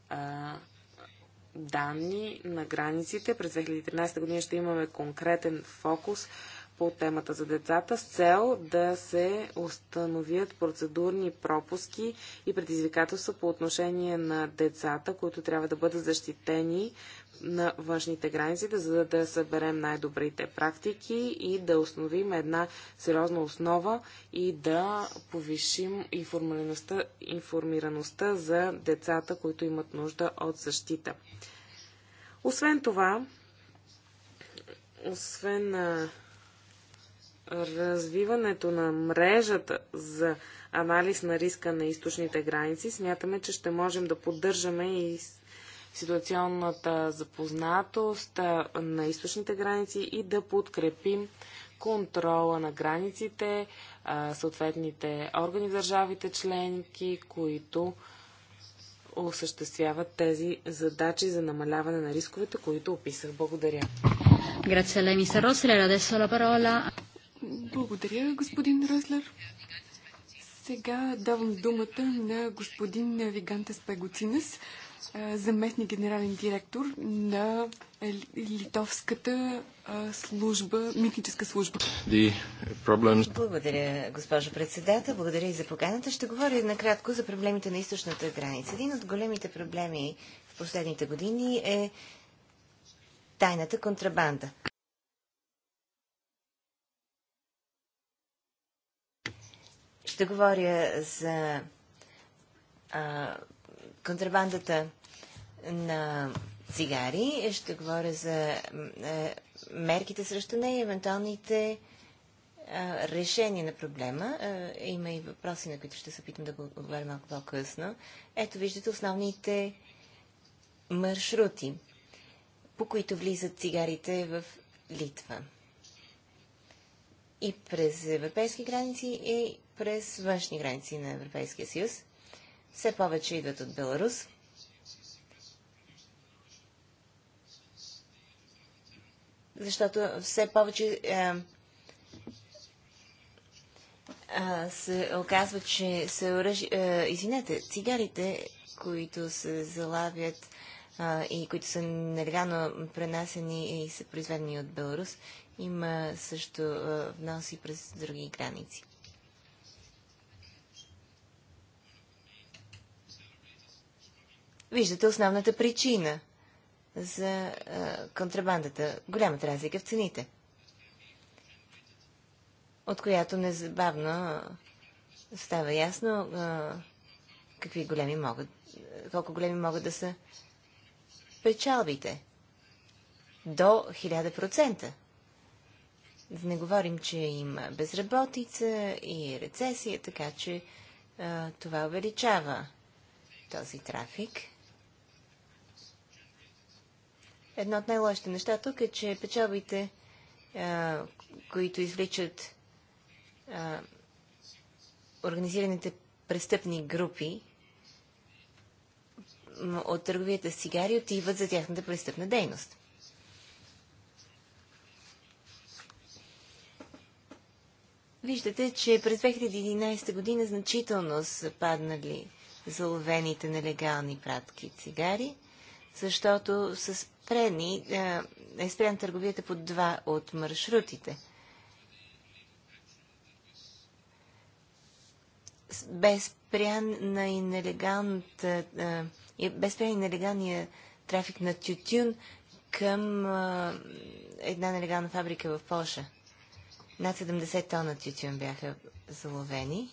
а, данни на границите. През 2013 година ще имаме конкретен фокус по темата за децата с цел да се установят процедурни пропуски и предизвикателства по отношение на децата, които трябва да бъдат защитени на външните граници, да, за да съберем най-добрите практики и да установим една сериозна основа и да повишим информираността, информираността за децата, които имат нужда от защита. Освен това, освен на развиването на мрежата за анализ на риска на източните граници, смятаме, че ще можем да поддържаме и ситуационната запознатост на източните граници и да подкрепим контрола на границите, съответните органи държавите членки, които осъществяват тези задачи за намаляване на рисковете, които описах. Благодаря. Благодаря, господин Рослер. Сега давам думата на господин Вигантес Пегоцинес. Е, заместник генерален директор на е, Литовската е, служба, митническа служба. Благодаря, госпожо председател. Благодаря и за поканата. Ще говоря накратко за проблемите на източната граница. Един от големите проблеми в последните години е тайната контрабанда. Ще говоря за а, контрабандата на цигари. Ще говоря за е, мерките срещу нея и евентуалните е, решения на проблема. Е, има и въпроси, на които ще се опитам да го отговоря малко по-късно. Ето виждате основните маршрути, по които влизат цигарите в Литва. И през европейски граници, и през външни граници на Европейския съюз. Все повече идват от Беларус. защото все повече а, е, а, се оказва, че се оръжи... А, е, извинете, цигарите, които се залавят а, и които са нелегално пренасени и са произведени от Беларус, има също а, е, вноси през други граници. Виждате основната причина за контрабандата, голямата разлика е в цените, от която незабавно става ясно какви големи могат, колко големи могат да са печалбите. До 1000%. Да не говорим, че има безработица и рецесия, така че а, това увеличава този трафик. Едно от най-лошите неща тук е, че печалбите, които извличат а, организираните престъпни групи от търговията с цигари, отиват за тяхната престъпна дейност. Виждате, че през 2011 година значително са паднали заловените нелегални пратки цигари, защото с спрени, е, е спрян търговията по два от маршрутите. Без спрян на и нелегалната, е, без спрян и нелегалния трафик на тютюн към е, една нелегална фабрика в Польша. Над 70 тона тютюн бяха заловени.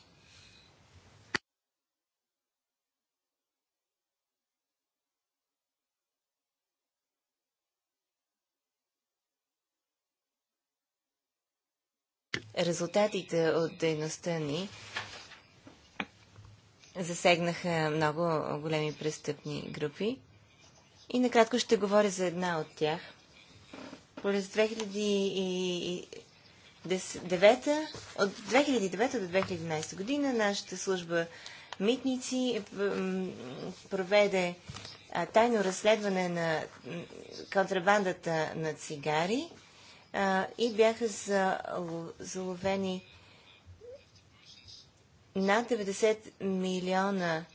резултатите от дейността ни засегнаха много големи престъпни групи. И накратко ще говоря за една от тях. През 2009, от 2009 до 2011 година нашата служба Митници проведе тайно разследване на контрабандата на цигари – и бяха заловени над 90 милиона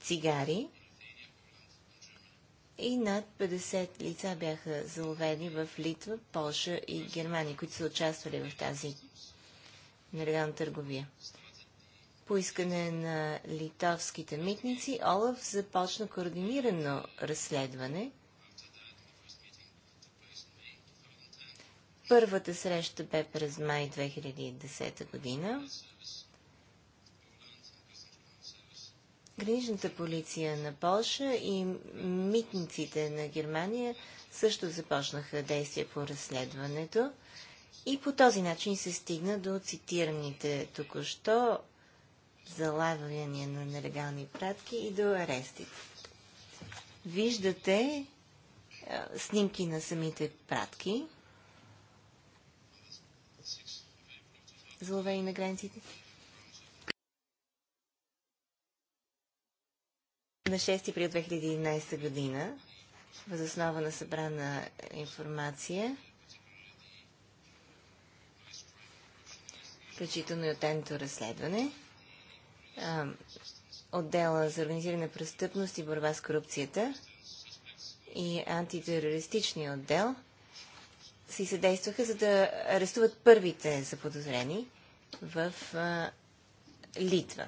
цигари и над 50 лица бяха заловени в Литва, Польша и Германия, които са участвали в тази нелегална търговия. По искане на литовските митници, Олаф започна координирано разследване – Първата среща бе през май 2010 година. Граничната полиция на Польша и митниците на Германия също започнаха действия по разследването и по този начин се стигна до цитираните току-що залавяния на нелегални пратки и до арестите. Виждате снимки на самите пратки – заловени на границите. На 6 април 2011 година, възоснова на събрана информация, включително и от тайното разследване, отдела за организирана престъпност и борба с корупцията и антитерористичния отдел – си съдействаха, за да арестуват първите заподозрени в а, Литва.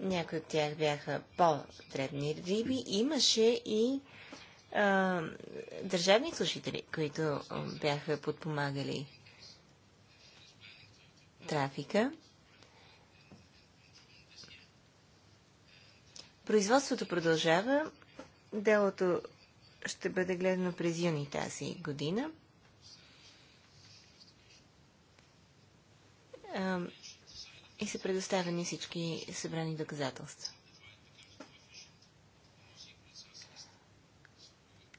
Някои от тях бяха по-дребни риби. Имаше и а, държавни служители, които бяха подпомагали трафика. Производството продължава. Делото ще бъде гледано през юни тази година. И са предоставени всички събрани доказателства.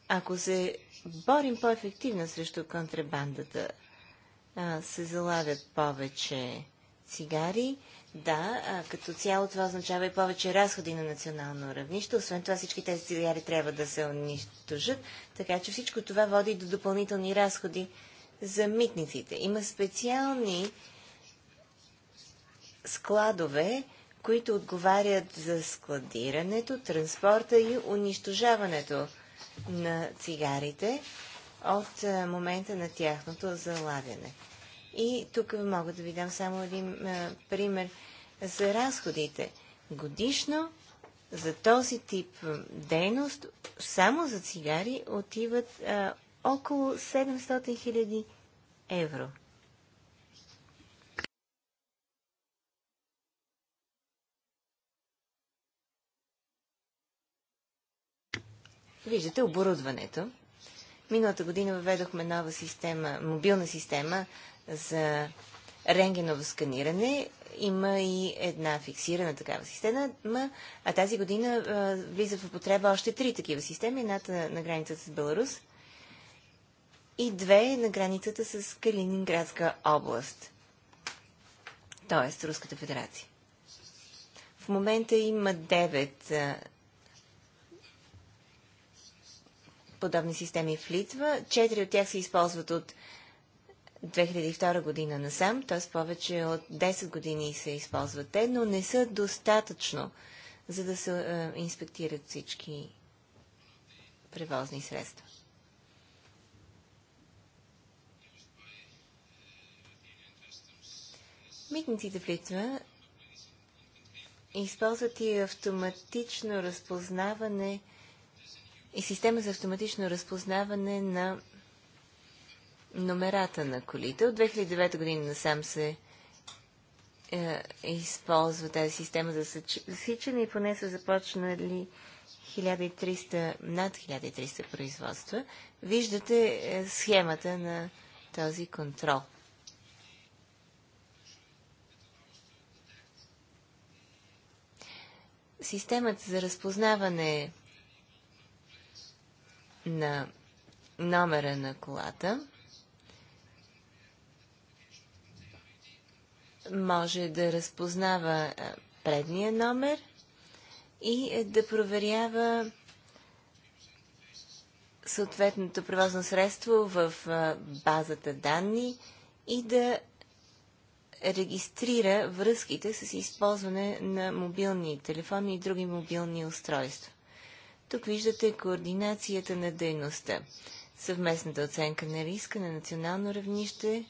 Ако се борим по-ефективно срещу контрабандата, се залавят повече цигари, да, а като цяло това означава и повече разходи на национално равнище. Освен това всички тези цигари трябва да се унищожат, така че всичко това води до допълнителни разходи за митниците. Има специални складове, които отговарят за складирането, транспорта и унищожаването на цигарите от момента на тяхното залавяне. И тук мога да ви дам само един а, пример за разходите. Годишно за този тип дейност, само за цигари, отиват а, около 700 000 евро. Виждате оборудването. Миналата година въведохме нова система, мобилна система за рентгеново сканиране. Има и една фиксирана такава система, а тази година а, влиза в употреба още три такива системи. Едната на границата с Беларус и две на границата с Калининградска област, т.е. Руската федерация. В момента има девет подобни системи в Литва. Четири от тях се използват от 2002 година насам, т.е. повече от 10 години се използват те, но не са достатъчно, за да се е, инспектират всички превозни средства. Митниците в Литва използват и автоматично разпознаване и система за автоматично разпознаване на номерата на колите. От 2009 година насам се е, използва тази система за засичане и поне са започнали 1300, над 1300 производства. Виждате е, схемата на този контрол. Системата за разпознаване на номера на колата може да разпознава е, предния номер и е, да проверява съответното превозно средство в е, базата данни и да регистрира връзките с използване на мобилни телефони и други мобилни устройства. Тук виждате координацията на дейността, съвместната оценка на риска на национално равнище,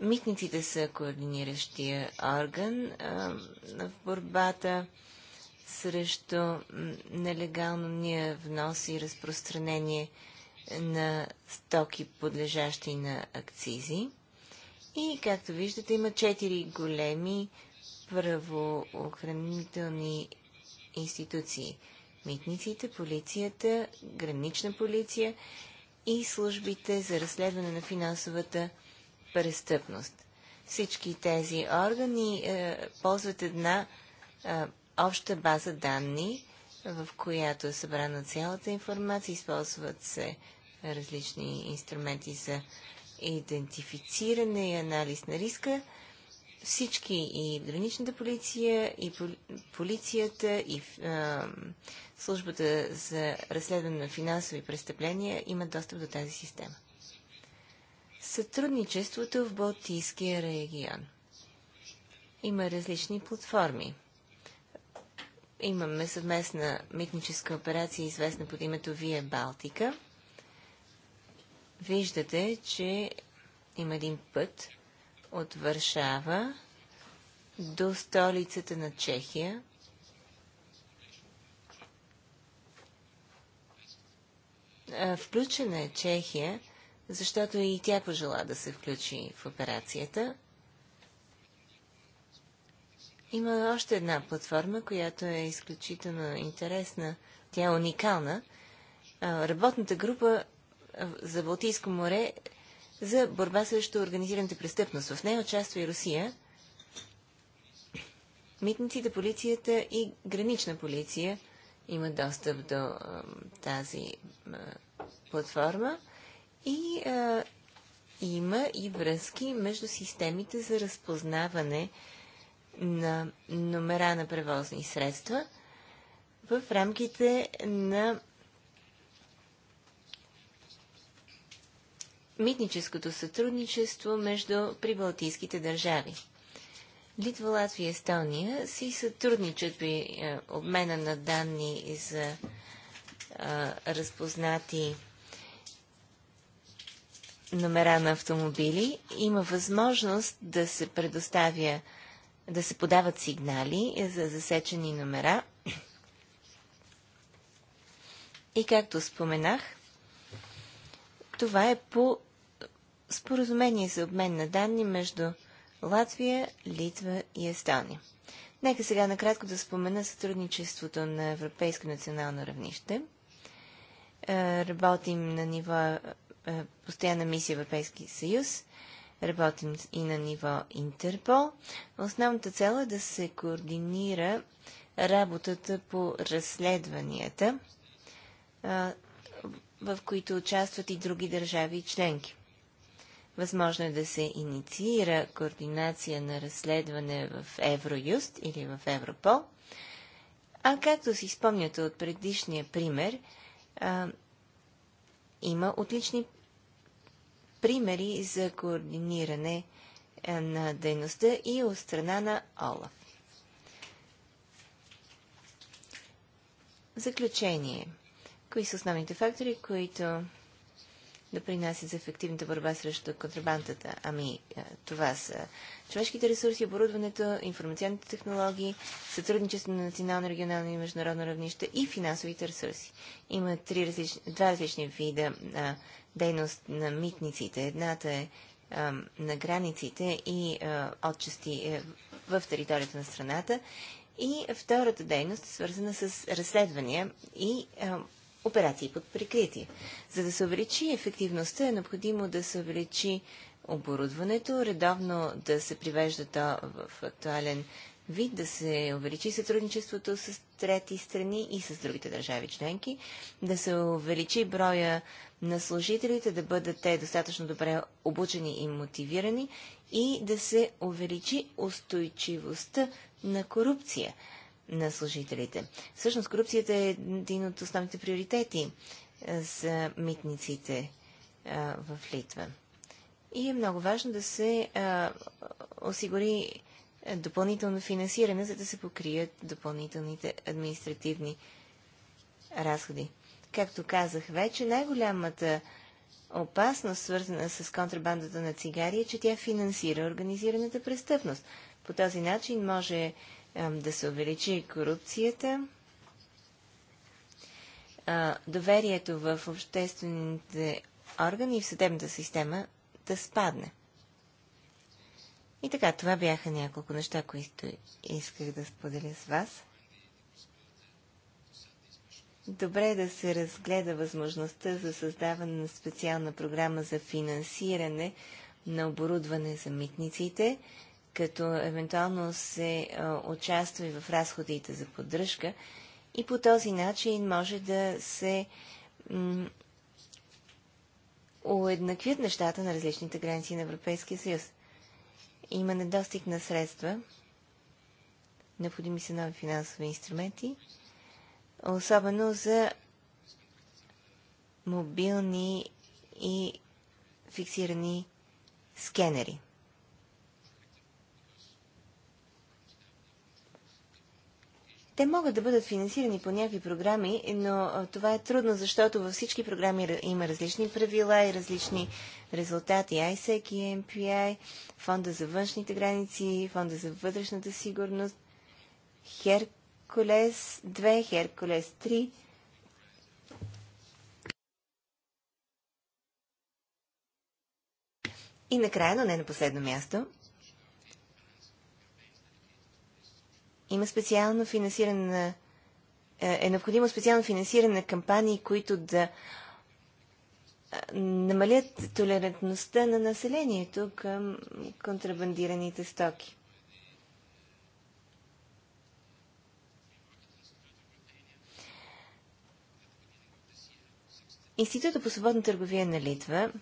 Митниците са координиращия орган а, в борбата срещу нелегалния внос и разпространение на стоки, подлежащи на акцизи. И, както виждате, има четири големи правоохранителни институции. Митниците, полицията, гранична полиция и службите за разследване на финансовата престъпност. Всички тези органи е, ползват една е, обща база данни, в която е събрана цялата информация, използват се различни инструменти за идентифициране и анализ на риска. Всички и граничната полиция, и полицията, и е, службата за разследване на финансови престъпления имат достъп до тази система сътрудничеството в Балтийския регион. Има различни платформи. Имаме съвместна митническа операция, известна под името Вие Балтика. Виждате, че има един път от Варшава до столицата на Чехия, включена е Чехия защото и тя пожела да се включи в операцията. Има още една платформа, която е изключително интересна. Тя е уникална. Работната група за Балтийско море за борба срещу организираната престъпност. В нея участва и Русия, митниците, полицията и гранична полиция имат достъп до тази платформа. И а, има и връзки между системите за разпознаване на номера на превозни средства в рамките на митническото сътрудничество между прибалтийските държави. Литва, Латвия и Естония си сътрудничат при обмена на данни за разпознати номера на автомобили, има възможност да се предоставя, да се подават сигнали за засечени номера. И както споменах, това е по споразумение за обмен на данни между Латвия, Литва и Естония. Нека сега накратко да спомена сътрудничеството на европейско национално равнище. Е, работим на ниво е, постоянна мисия Европейски съюз. Работим и на ниво Интерпол. Основната цел е да се координира работата по разследванията, в които участват и други държави и членки. Възможно е да се инициира координация на разследване в Евроюст или в Европол. А както си спомняте от предишния пример, има отлични примери за координиране е, на дейността и от страна на ОЛАФ. В заключение, кои са основните фактори, които да принася за ефективната борба срещу контрабандата. Ами, е, това са човешките ресурси, оборудването, информационните технологии, сътрудничество на национално, регионално и международно равнище и финансовите ресурси. Има три различни, два различни вида а, дейност на митниците. Едната е а, на границите и а, отчасти е в територията на страната. И втората дейност е свързана с разследвания и а, операции под прикритие. За да се увеличи ефективността е необходимо да се увеличи оборудването, редовно да се привежда то в актуален вид, да се увеличи сътрудничеството с трети страни и с другите държави членки, да се увеличи броя на служителите, да бъдат те достатъчно добре обучени и мотивирани и да се увеличи устойчивостта на корупция, на служителите. Всъщност корупцията е един от основните приоритети е, за митниците е, в Литва. И е много важно да се е, осигури допълнително финансиране, за да се покрият допълнителните административни разходи. Както казах вече, най-голямата опасност, свързана с контрабандата на цигари, е, че тя финансира организираната престъпност. По този начин може да се увеличи корупцията, доверието в обществените органи и в съдебната система да спадне. И така, това бяха няколко неща, които исках да споделя с вас. Добре е да се разгледа възможността за създаване на специална програма за финансиране на оборудване за митниците, като евентуално се участва и в разходите за поддръжка. И по този начин може да се уеднаквят нещата на различните граници на Европейския съюз. Има недостиг на средства, необходими са нови финансови инструменти, особено за мобилни и фиксирани скенери. Те могат да бъдат финансирани по някакви програми, но това е трудно, защото във всички програми има различни правила и различни резултати. ISEC и MPI, Фонда за външните граници, Фонда за вътрешната сигурност, Херкулес 2, Херкулес 3. И накрая, но не на последно място, Има специално финансиране на е, е необходимо специално финансиране на кампании, които да е, намалят толерантността на населението към контрабандираните стоки. Института по свободна търговия на Литва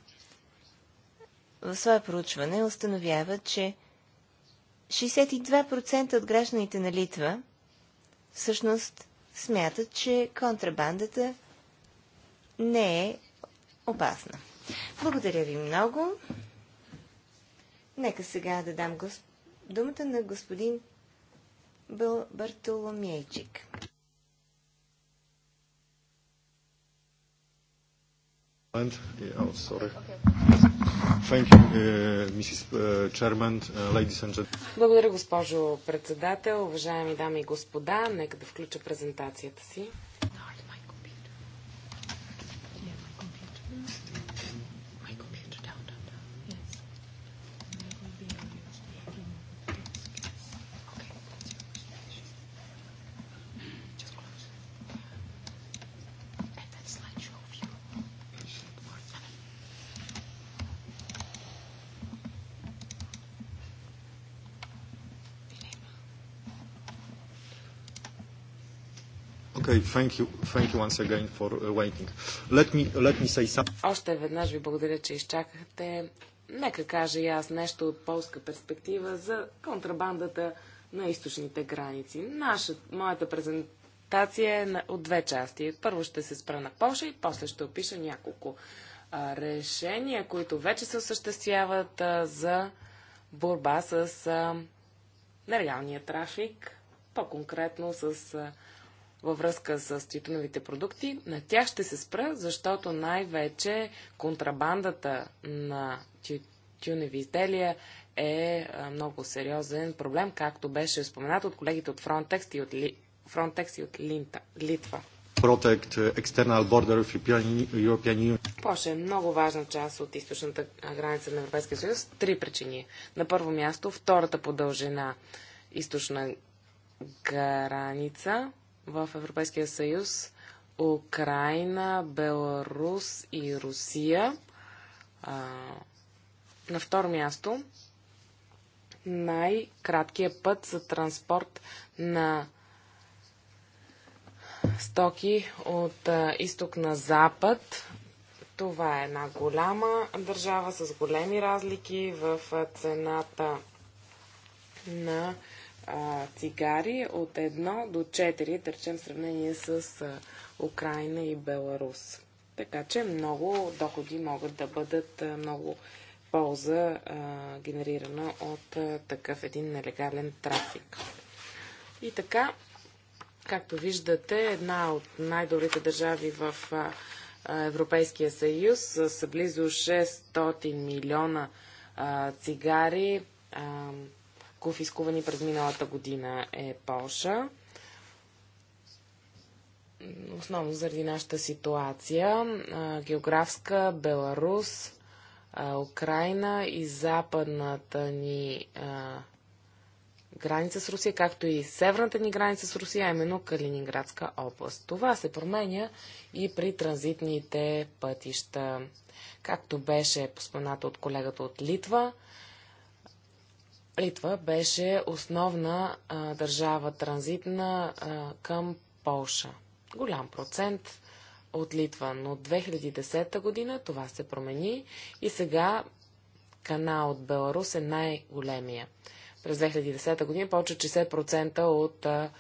в свое проучване установява, че 62% от гражданите на Литва всъщност смятат, че контрабандата не е опасна. Благодаря ви много. Нека сега да дам госп... думата на господин Бъл... Бартоломейчик. yeah, sorry. Okay. Uh, uh, uh, Благодаря, госпожо председател. Уважаеми дами и господа, нека да включа презентацията си. Thank you, thank you once again for uh, waiting. Let me, let me say Още веднъж ви благодаря, че изчакахте. Нека кажа и аз нещо от полска перспектива за контрабандата на източните граници. Наша, моята презентация е от две части. Първо ще се спра на Польша и после ще опиша няколко а, решения, които вече се осъществяват а, за борба с а, нелегалния трафик, по-конкретно с а, във връзка с тютюновите продукти. На тях ще се спра, защото най-вече контрабандата на тюневи изделия е много сериозен проблем, както беше споменато от колегите от Frontex и от, Ли... Frontex и от Линта... Литва. Protect uh, external border of European, European Union. Польша е много важна част от източната граница на Европейския съюз. Три причини. На първо място, втората по дължина източна граница в Европейския съюз Украина, Беларус и Русия. на второ място най-краткият път за транспорт на стоки от изток на запад. Това е една голяма държава с големи разлики в цената на цигари от 1 до 4, търчем в сравнение с Украина и Беларус. Така че много доходи могат да бъдат много полза а, генерирана от а, такъв един нелегален трафик. И така, както виждате, една от най-добрите държави в а, Европейския съюз с близо 600 милиона а, цигари. А, конфискувани през миналата година е Полша. Основно заради нашата ситуация, географска, Беларус, Украина и западната ни граница с Русия, както и северната ни граница с Русия, именно Калининградска област. Това се променя и при транзитните пътища. Както беше споменато от колегата от Литва, Литва беше основна а, държава транзитна а, към Полша. Голям процент от Литва, но от 2010 година това се промени и сега канал от Беларус е най-големия. През 2010 година повече 60% от а,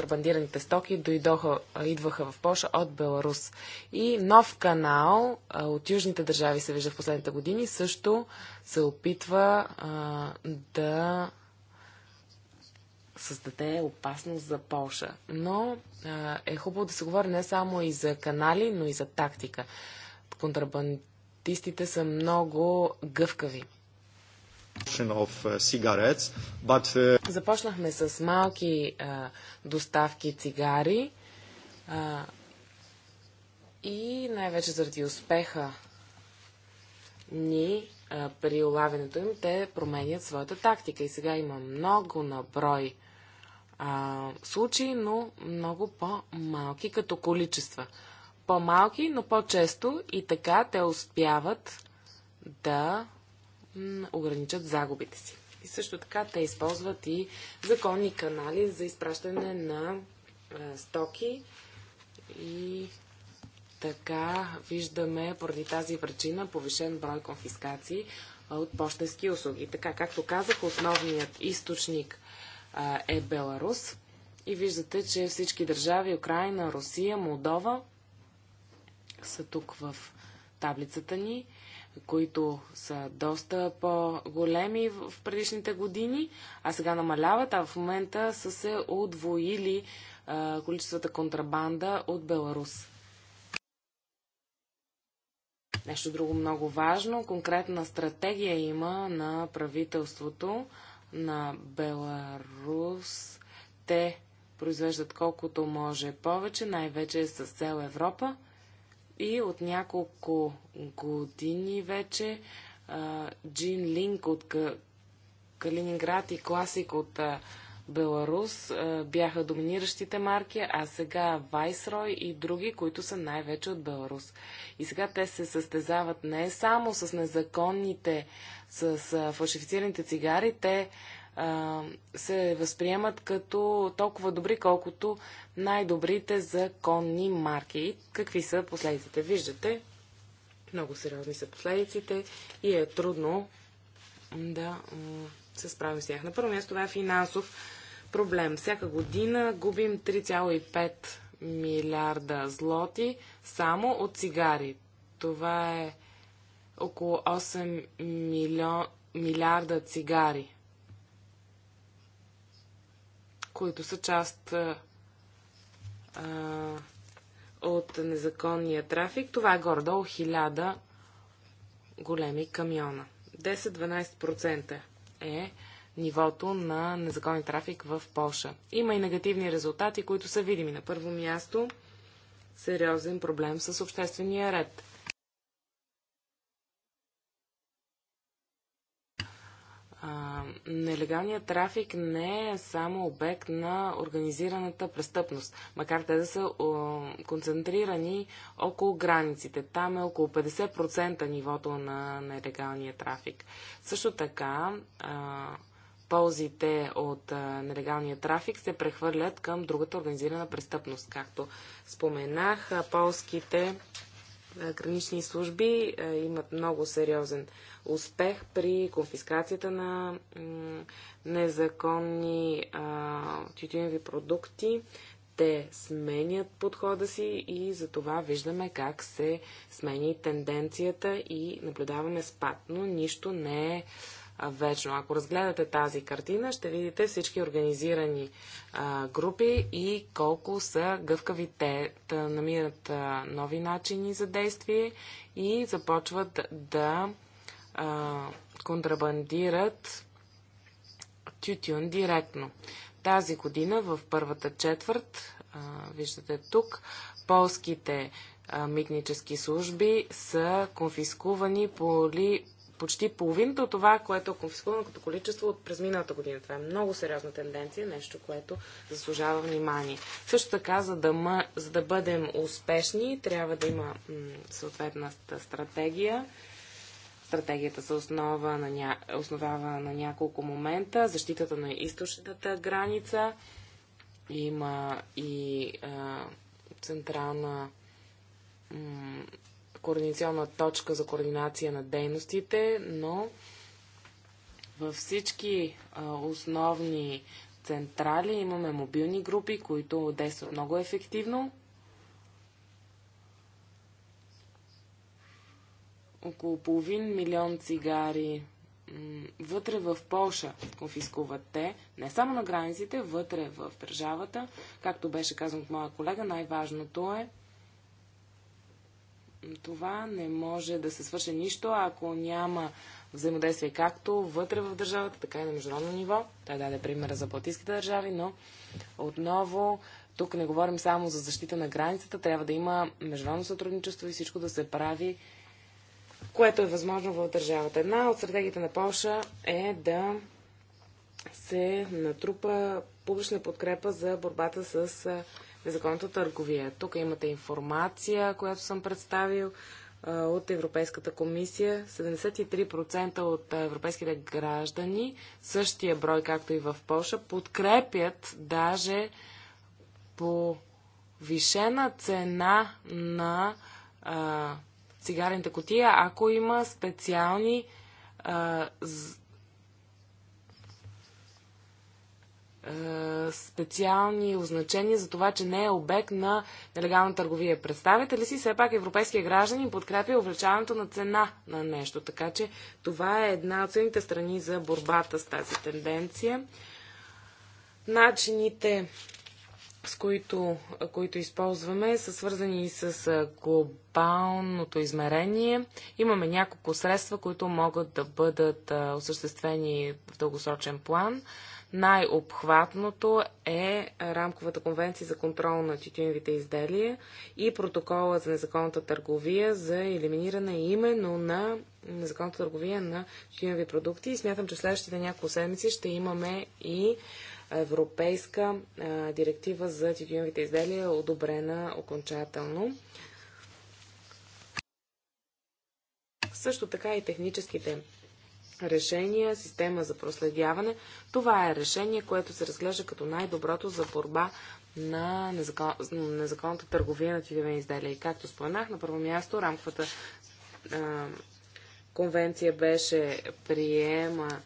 контрабандираните стоки дойдоха, идваха в Польша от Беларус. И нов канал от южните държави се вижда в последните години, също се опитва а, да създаде опасност за Польша. Но а, е хубаво да се говори не само и за канали, но и за тактика. Контрабандистите са много гъвкави. Uh, uh, Започнахме с малки доставки цигари и най-вече заради успеха ни при улавянето им, те променят своята тактика. И сега има много наброй случаи, но много по-малки като количества. По-малки, но по-често и така те успяват да ограничат загубите си. И също така те използват и законни канали за изпращане на е, стоки и така виждаме поради тази причина повишен брой конфискации от почтенски услуги. Така, както казах, основният източник е Беларус. И виждате, че всички държави, Украина, Русия, Молдова, са тук в таблицата ни които са доста по-големи в предишните години, а сега намаляват, а в момента са се удвоили а, количествата контрабанда от Беларус. Нещо друго много важно. Конкретна стратегия има на правителството на Беларус. Те произвеждат колкото може повече, най-вече с цел Европа. И от няколко години вече Джин Линк от Калининград и Класик от Беларус бяха доминиращите марки, а сега Вайсрой и други, които са най-вече от Беларус. И сега те се състезават не само с незаконните, с фалшифицираните цигари, те а, се възприемат като толкова добри, колкото най-добрите законни марки. Какви са последиците? Виждате, много сериозни са последиците и е трудно да се справим с тях. На първо място това е финансов проблем. Всяка година губим 3,5 милиарда злоти само от цигари. Това е около 8 милион, милиарда цигари които са част а, от незаконния трафик. Това е горе-долу 1000 големи камиона. 10-12% е нивото на незаконен трафик в Польша. Има и негативни резултати, които са видими. На първо място сериозен проблем с обществения ред. нелегалният трафик не е само обект на организираната престъпност, макар те да са о, концентрирани около границите. Там е около 50% нивото на нелегалния трафик. Също така, а, ползите от а, нелегалния трафик се прехвърлят към другата организирана престъпност, както споменах, полските е, гранични служби е, имат много сериозен успех при конфискацията на незаконни тютюневи продукти. Те сменят подхода си и за това виждаме как се смени тенденцията и наблюдаваме спад, но нищо не е вечно. Ако разгледате тази картина, ще видите всички организирани а, групи и колко са гъвкави те да намират а, нови начини за действие и започват да а, контрабандират тютюн директно. Тази година в първата четвърт, виждате тук, полските митнически служби са конфискувани поли почти половината от това, което е конфискувано като количество от през миналата година. Това е много сериозна тенденция, нещо, което заслужава внимание. Също така, за да, ма, за да бъдем успешни, трябва да има съответната стратегия. Стратегията се основа на ня... основава на няколко момента. Защитата на източната граница. Има и а, централна координационна точка за координация на дейностите, но във всички а, основни централи имаме мобилни групи, които действат много ефективно. Около половин милион цигари вътре в Полша конфискуват те, не само на границите, вътре в държавата. Както беше казан от моя колега, най-важното е това не може да се свърши нищо, ако няма взаимодействие както вътре в държавата, така и на международно ниво. Той даде примера за балтийските държави, но отново тук не говорим само за защита на границата, трябва да има международно сътрудничество и всичко да се прави, което е възможно в държавата. Една от стратегиите на Польша е да се натрупа публична подкрепа за борбата с незаконната търговия. Тук имате информация, която съм представил от Европейската комисия. 73% от европейските граждани, същия брой както и в Польша, подкрепят даже по вишена цена на а, котия, ако има специални а, Е, специални означения за това, че не е обект на нелегална търговия. Представете ли си, все пак европейския гражданин подкрепя увеличаването на цена на нещо. Така че това е една от силните страни за борбата с тази тенденция. Начините с които, които използваме, са свързани и с глобалното измерение. Имаме няколко средства, които могат да бъдат осъществени в дългосрочен план. Най-обхватното е рамковата конвенция за контрол на тютюневите изделия и протокола за незаконната търговия за елиминиране именно на незаконната търговия на тютюневи продукти. И смятам, че следващите няколко седмици ще имаме и европейска директива за тютюневите изделия, е одобрена окончателно. Също така и техническите решения, система за проследяване. Това е решение, което се разглежда като най-доброто за борба на незакон... незаконната търговия на тютюневи изделия. И както споменах, на първо място рамковата а, конвенция беше приема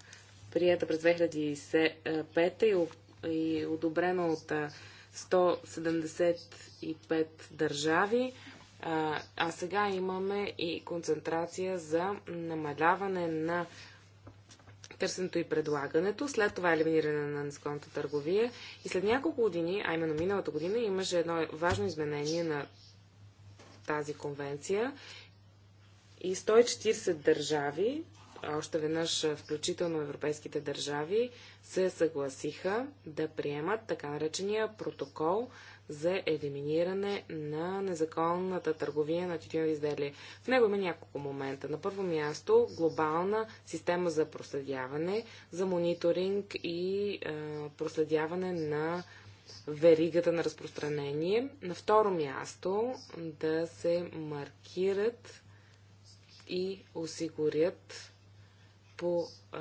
прията през 2005 и, е, и одобрена от 175 е, държави. А, а сега имаме и концентрация за намаляване на търсенето и предлагането, след това елиминиране на незаконната търговия. И след няколко години, а именно миналата година, имаше едно важно изменение на тази конвенция и 140 държави още веднъж, включително европейските държави, се съгласиха да приемат така наречения протокол за елиминиране на незаконната търговия на тютюнови изделия. В него има няколко момента. На първо място глобална система за проследяване, за мониторинг и е, проследяване на веригата на разпространение. На второ място да се маркират и осигурят по а,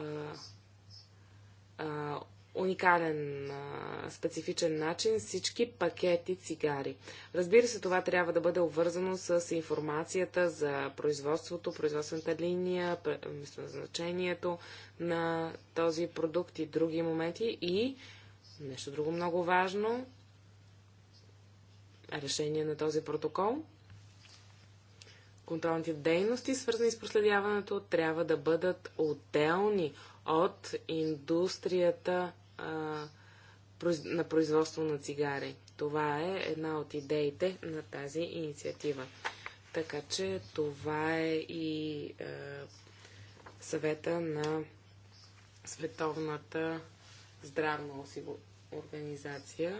а, уникален, а, специфичен начин всички пакети цигари. Разбира се, това трябва да бъде обвързано с информацията за производството, производствената линия, местоназначението на този продукт и други моменти. И нещо друго много важно решение на този протокол – контролните дейности, свързани с проследяването, трябва да бъдат отделни от индустрията а, на производство на цигари. Това е една от идеите на тази инициатива. Така че това е и е, съвета на Световната здравна организация.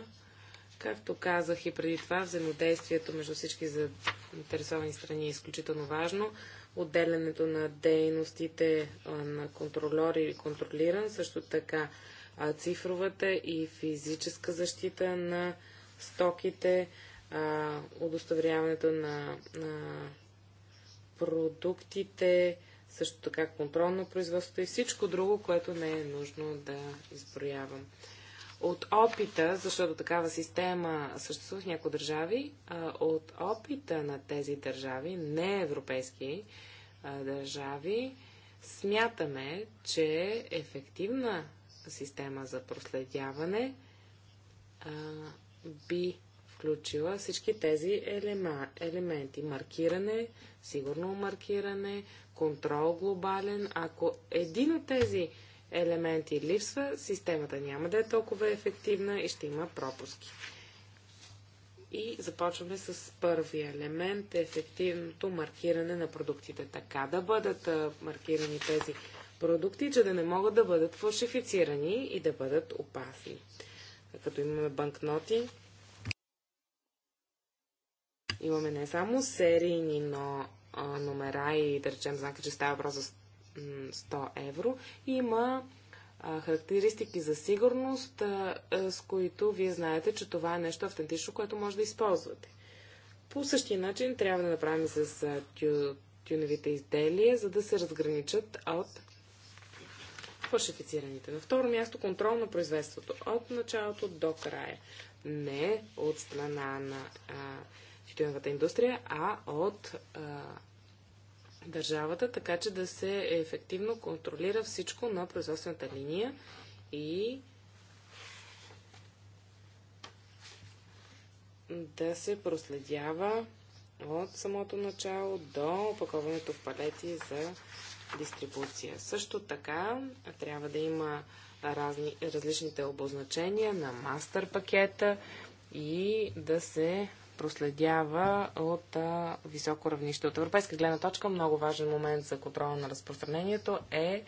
Както казах и преди това, взаимодействието между всички заинтересовани страни е изключително важно. Отделянето на дейностите на контролер или контролиран, също така цифровата и физическа защита на стоките, удостоверяването на, на продуктите, също така контрол на производството и всичко друго, което не е нужно да изброявам от опита, защото такава система съществува в някои държави, от опита на тези държави, не европейски държави, смятаме, че ефективна система за проследяване би включила всички тези елементи. Маркиране, сигурно маркиране, контрол глобален. Ако един от тези елементи липсва, системата няма да е толкова ефективна и ще има пропуски. И започваме с първия елемент ефективното маркиране на продуктите. Така да бъдат маркирани тези продукти, че да не могат да бъдат фалшифицирани и да бъдат опасни. Като имаме банкноти, имаме не само серийни, но а, номера и да речем знака, че става въпрос за 100 евро. Има характеристики за сигурност, с които вие знаете, че това е нещо автентично, което може да използвате. По същия начин трябва да направим с тю, тюневите изделия, за да се разграничат от фалшифицираните. На второ място контрол на производството от началото до края. Не от страна на а, тютюневата индустрия, а от а, държавата, така че да се ефективно контролира всичко на производствената линия и да се проследява от самото начало до опаковането в палети за дистрибуция. Също така трябва да има разни, различните обозначения на мастер пакета и да се проследява от а, високо равнище. От европейска гледна точка много важен момент за контрола на разпространението е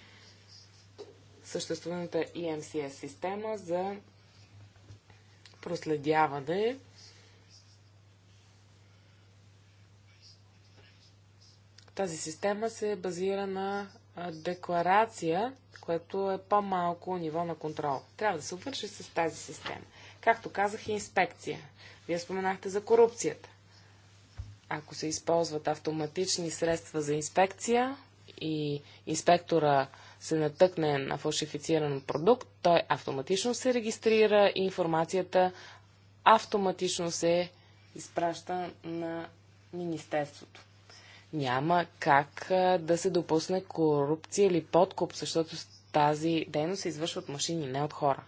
съществуваната EMCS система за проследяване Тази система се базира на декларация, което е по-малко ниво на контрол. Трябва да се обвърши с тази система. Както казах, и е инспекция. Вие споменахте за корупцията. Ако се използват автоматични средства за инспекция и инспектора се натъкне на фалшифициран продукт, той автоматично се регистрира и информацията автоматично се изпраща на Министерството. Няма как да се допусне корупция или подкуп, защото тази дейност се извършва от машини, не от хора.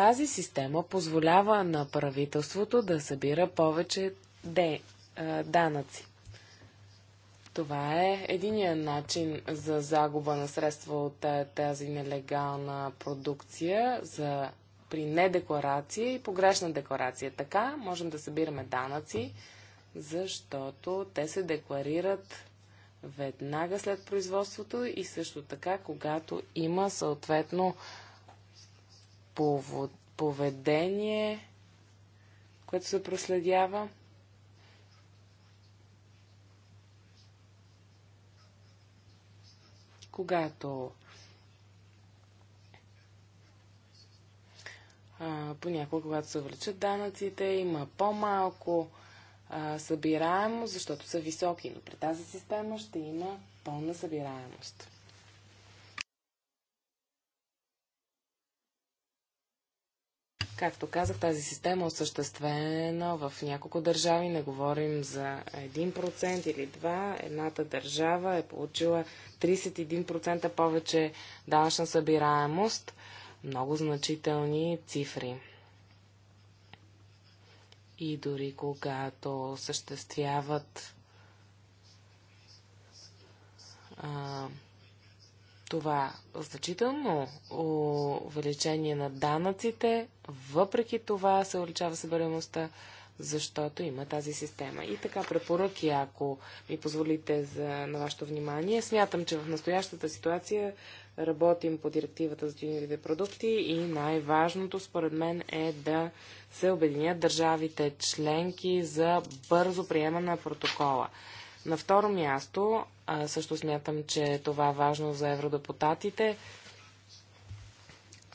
Тази система позволява на правителството да събира повече де, а, данъци. Това е единият начин за загуба на средства от тази нелегална продукция за, при недекларация и погрешна декларация. Така можем да събираме данъци, защото те се декларират веднага след производството и също така, когато има съответно поведение, което се проследява. Когато понякога, когато се увеличат данъците, има по-малко събираемост, защото са високи, но при тази система ще има пълна събираемост. Както казах, тази система е осъществена в няколко държави. Не говорим за 1% или 2%. Едната държава е получила 31% повече данъчна събираемост. Много значителни цифри. И дори когато съществяват това значително увеличение на данъците, въпреки това се увеличава събираемостта, защото има тази система. И така, препоръки, ако ми позволите за, на вашето внимание. Смятам, че в настоящата ситуация работим по директивата за тюнирите продукти и най-важното според мен е да се обединят държавите членки за бързо приема на протокола. На второ място, а също смятам, че е това е важно за евродепутатите,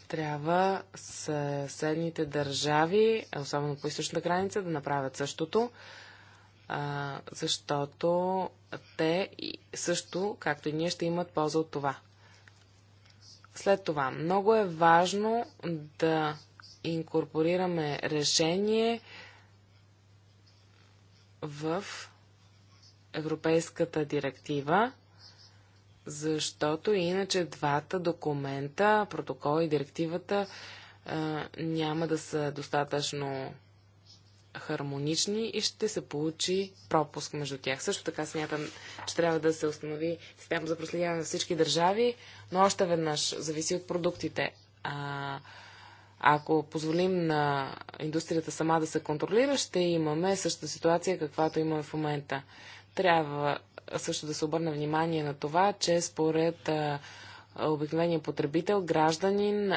трябва съседните държави, особено по източната граница, да направят същото, защото те също, както и ние, ще имат полза от това. След това, много е важно да инкорпорираме решение в европейската директива, защото иначе двата документа, протокол и директивата, няма да са достатъчно хармонични и ще се получи пропуск между тях. Също така смятам, че трябва да се установи система за проследяване на всички държави, но още веднъж зависи от продуктите. А, ако позволим на индустрията сама да се контролира, ще имаме същата ситуация, каквато имаме в момента. Трябва също да се обърне внимание на това, че според обикновения потребител, гражданин,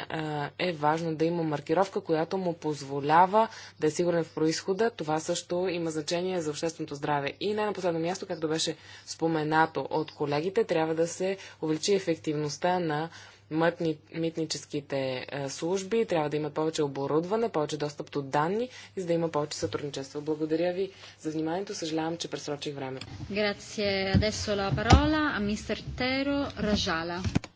е важно да има маркировка, която му позволява да е сигурен в происхода. Това също има значение за общественото здраве. И не на последно място, както беше споменато от колегите, трябва да се увеличи ефективността на мътни, митническите е, служби, трябва да имат повече оборудване, повече достъп до данни и за да има повече сътрудничество. Благодаря ви за вниманието. Съжалявам, че пресрочих време.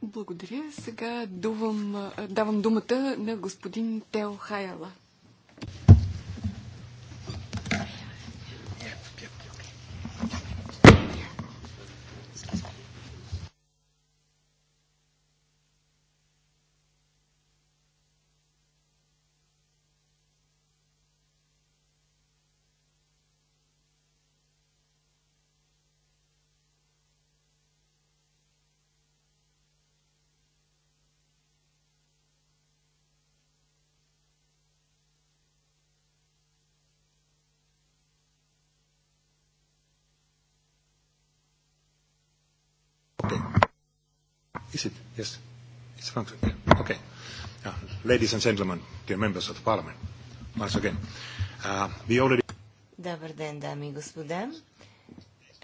Благодаря. Сега дувам, е, давам думата на господин Тео Хайала. Okay. Is it? Yes. It's functioning. Okay. Uh, ladies and gentlemen, dear members of parliament, once again, uh, we already... Добър ден, дами и господа.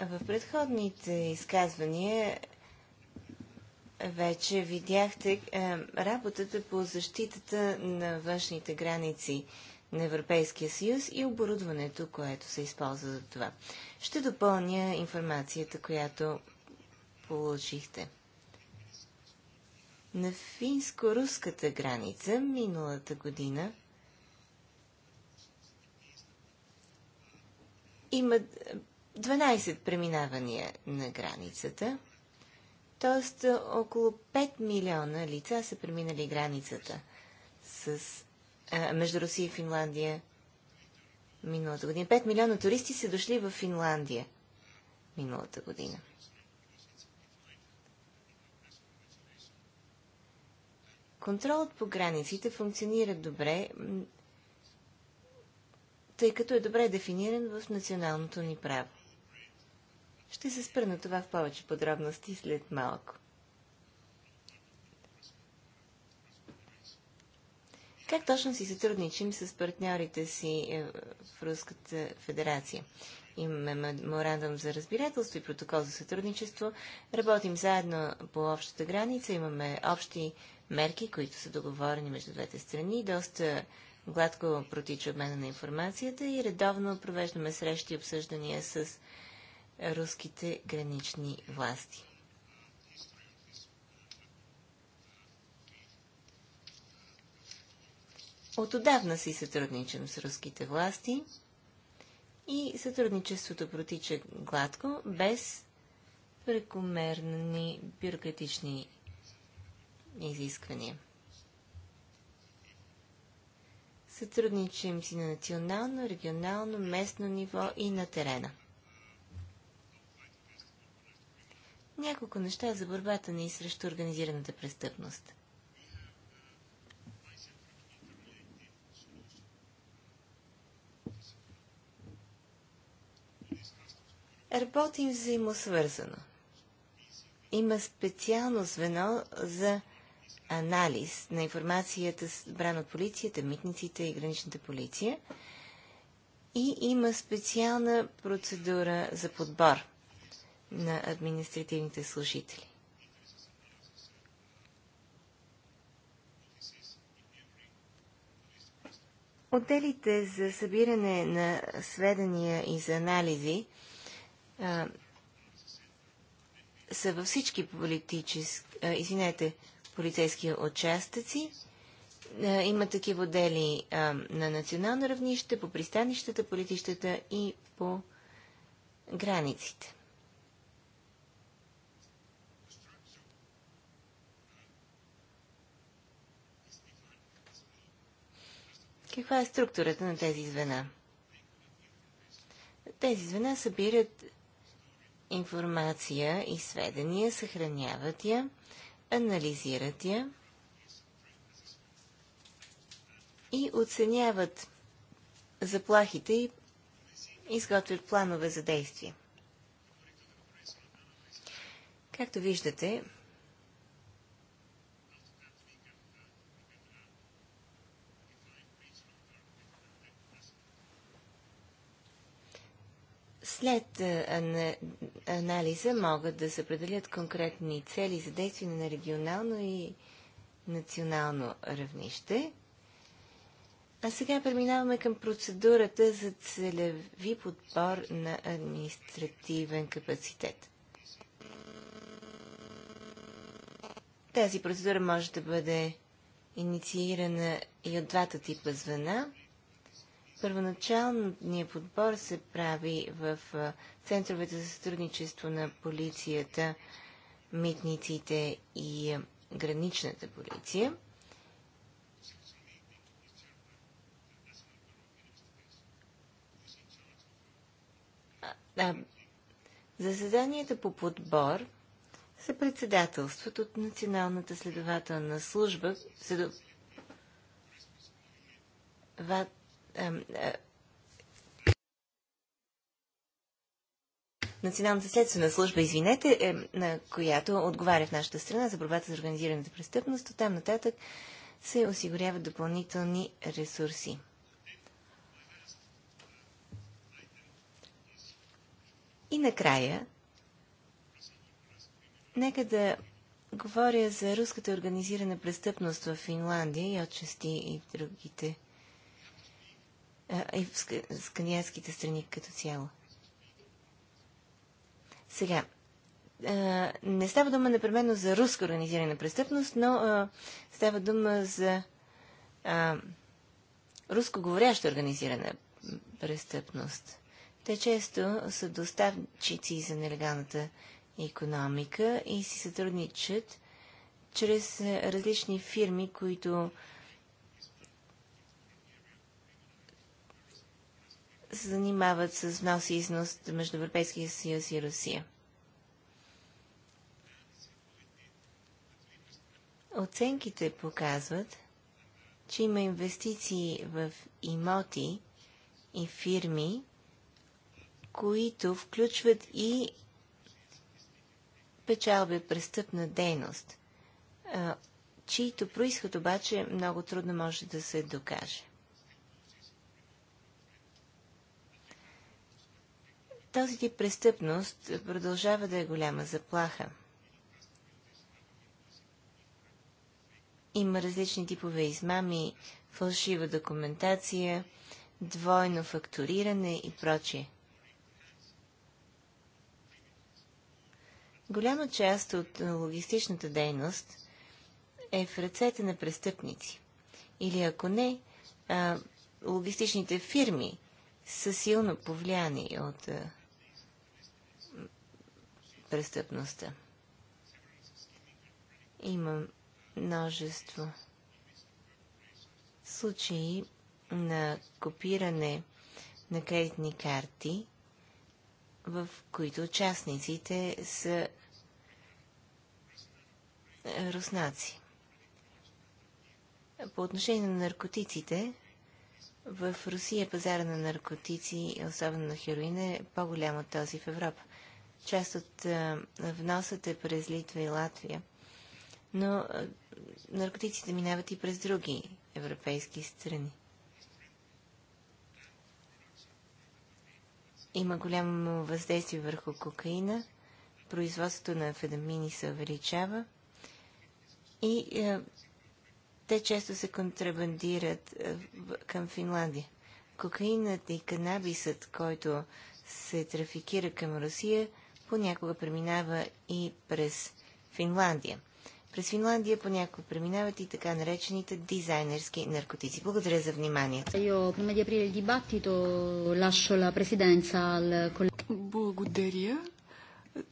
В предходните изказвания вече видяхте е, работата по защитата на външните граници на Европейския съюз и оборудването, което се използва за това. Ще допълня информацията, която положихте. На финско-руската граница миналата година има 12 преминавания на границата, т.е. около 5 милиона лица са преминали границата с, а, между Русия и Финландия миналата година. 5 милиона туристи са дошли в Финландия миналата година. Контролът по границите функционира добре, тъй като е добре дефиниран в националното ни право. Ще се спра на това в повече подробности след малко. Как точно си сътрудничим с партньорите си е, в Руската федерация? Имаме меморандум за разбирателство и протокол за сътрудничество. Работим заедно по общата граница. Имаме общи мерки, които са договорени между двете страни. Доста гладко протича обмена на информацията и редовно провеждаме срещи и обсъждания с руските гранични власти. От отдавна си сътрудничам с руските власти и сътрудничеството протича гладко, без прекомерни бюрократични изисквания. Сътрудничим си на национално, регионално, местно ниво и на терена. Няколко неща за борбата ни срещу организираната престъпност. работим взаимосвързано. Има специално звено за анализ на информацията, събрана от полицията, митниците и граничната полиция. И има специална процедура за подбор на административните служители. Отделите за събиране на сведения и за анализи а, са във всички политически, а, извинете, полицейски участъци. А, има такива отдели а, на национално равнище, по пристанищата, политищата и по границите. Каква е структурата на тези звена? Тези звена събират информация и сведения, съхраняват я, анализират я и оценяват заплахите и изготвят планове за действие. Както виждате, След анализа могат да се определят конкретни цели за действие на регионално и национално равнище. А сега преминаваме към процедурата за целеви подбор на административен капацитет. Тази процедура може да бъде инициирана и от двата типа звена Първоначалният подбор се прави в центровете за сътрудничество на полицията, митниците и граничната полиция. заседанията по подбор са председателстват от Националната следователна служба, следов... Е, Националната следствена служба, извинете, е, на която отговаря в нашата страна за борбата с организираната престъпност, от там нататък се осигуряват допълнителни ресурси. И накрая, нека да говоря за руската организирана престъпност в Финландия и отчасти и другите и в скандинавските страни като цяло. Сега, не става дума непременно за руска организирана престъпност, но става дума за руско-говоряща организирана престъпност. Те често са доставчици за нелегалната економика и си сътрудничат чрез различни фирми, които се занимават с внос и износ между Европейския съюз и Русия. Оценките показват, че има инвестиции в имоти и фирми, които включват и печалби от престъпна дейност, чийто происход обаче много трудно може да се докаже. Този тип престъпност продължава да е голяма заплаха. Има различни типове измами, фалшива документация, двойно фактуриране и прочие. Голяма част от логистичната дейност е в ръцете на престъпници. Или ако не, логистичните фирми са силно повлияни от престъпността. Има множество случаи на копиране на кредитни карти, в които участниците са е, руснаци. По отношение на наркотиците, в Русия пазара на наркотици, особено на хероин, е по-голям от този в Европа. Част от е, вносът е през Литва и Латвия. Но е, наркотиците минават и през други европейски страни. Има голямо въздействие върху кокаина, производството на федамини се увеличава и е, те често се контрабандират е, към Финландия. Кокаинът и канабисът, който се трафикира към Русия, понякога преминава и през Финландия. През Финландия понякога преминават и така наречените дизайнерски наркотици. Благодаря за вниманието. Благодаря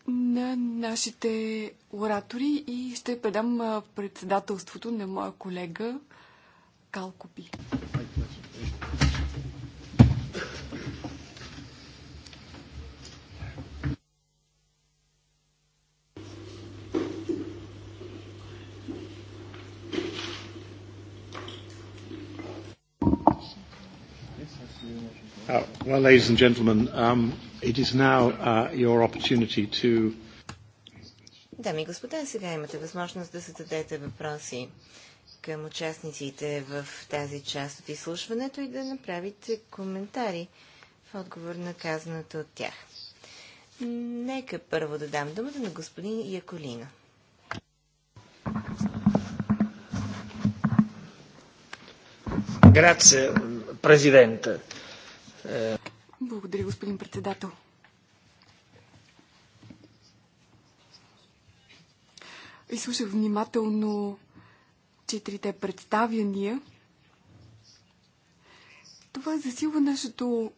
на нашите оратори и ще предам председателството на моя колега Калкопи. Well, ladies and gentlemen, um, it is now uh, your opportunity to... Дами и господа, сега имате възможност да зададете въпроси към участниците в тази част от изслушването и да направите коментари в отговор на казаното от тях. Нека първо да дам думата на господин Яколина. Grazie, Presidente. Благодаря, господин председател. Изслушах внимателно четирите представяния. Това засилва нашето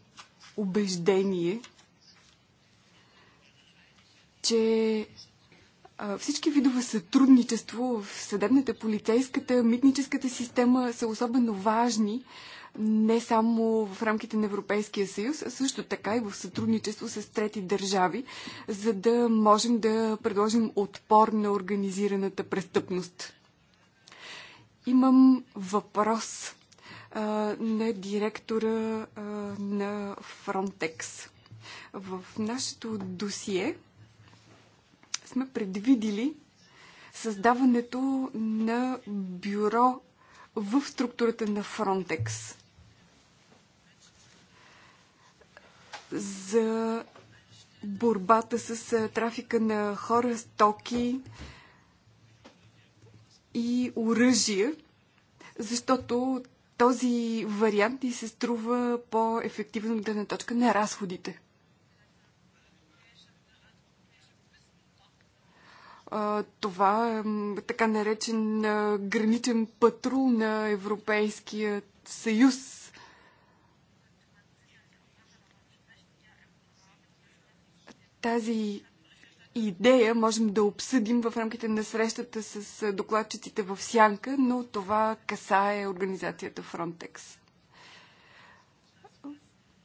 убеждение, че всички видове сътрудничество в съдебната, полицейската, митническата система са особено важни, не само в рамките на Европейския съюз, а също така и в сътрудничество с трети държави, за да можем да предложим отпор на организираната престъпност. Имам въпрос а, на директора а, на Frontex. В нашето досие сме предвидили създаването на бюро в структурата на Фронтекс. за борбата с трафика на хора, стоки и оръжия, защото този вариант ни се струва по ефективно от гледна точка на разходите. Това е така наречен граничен патрул на Европейския съюз тази идея можем да обсъдим в рамките на срещата с докладчиците в Сянка, но това касае организацията Frontex.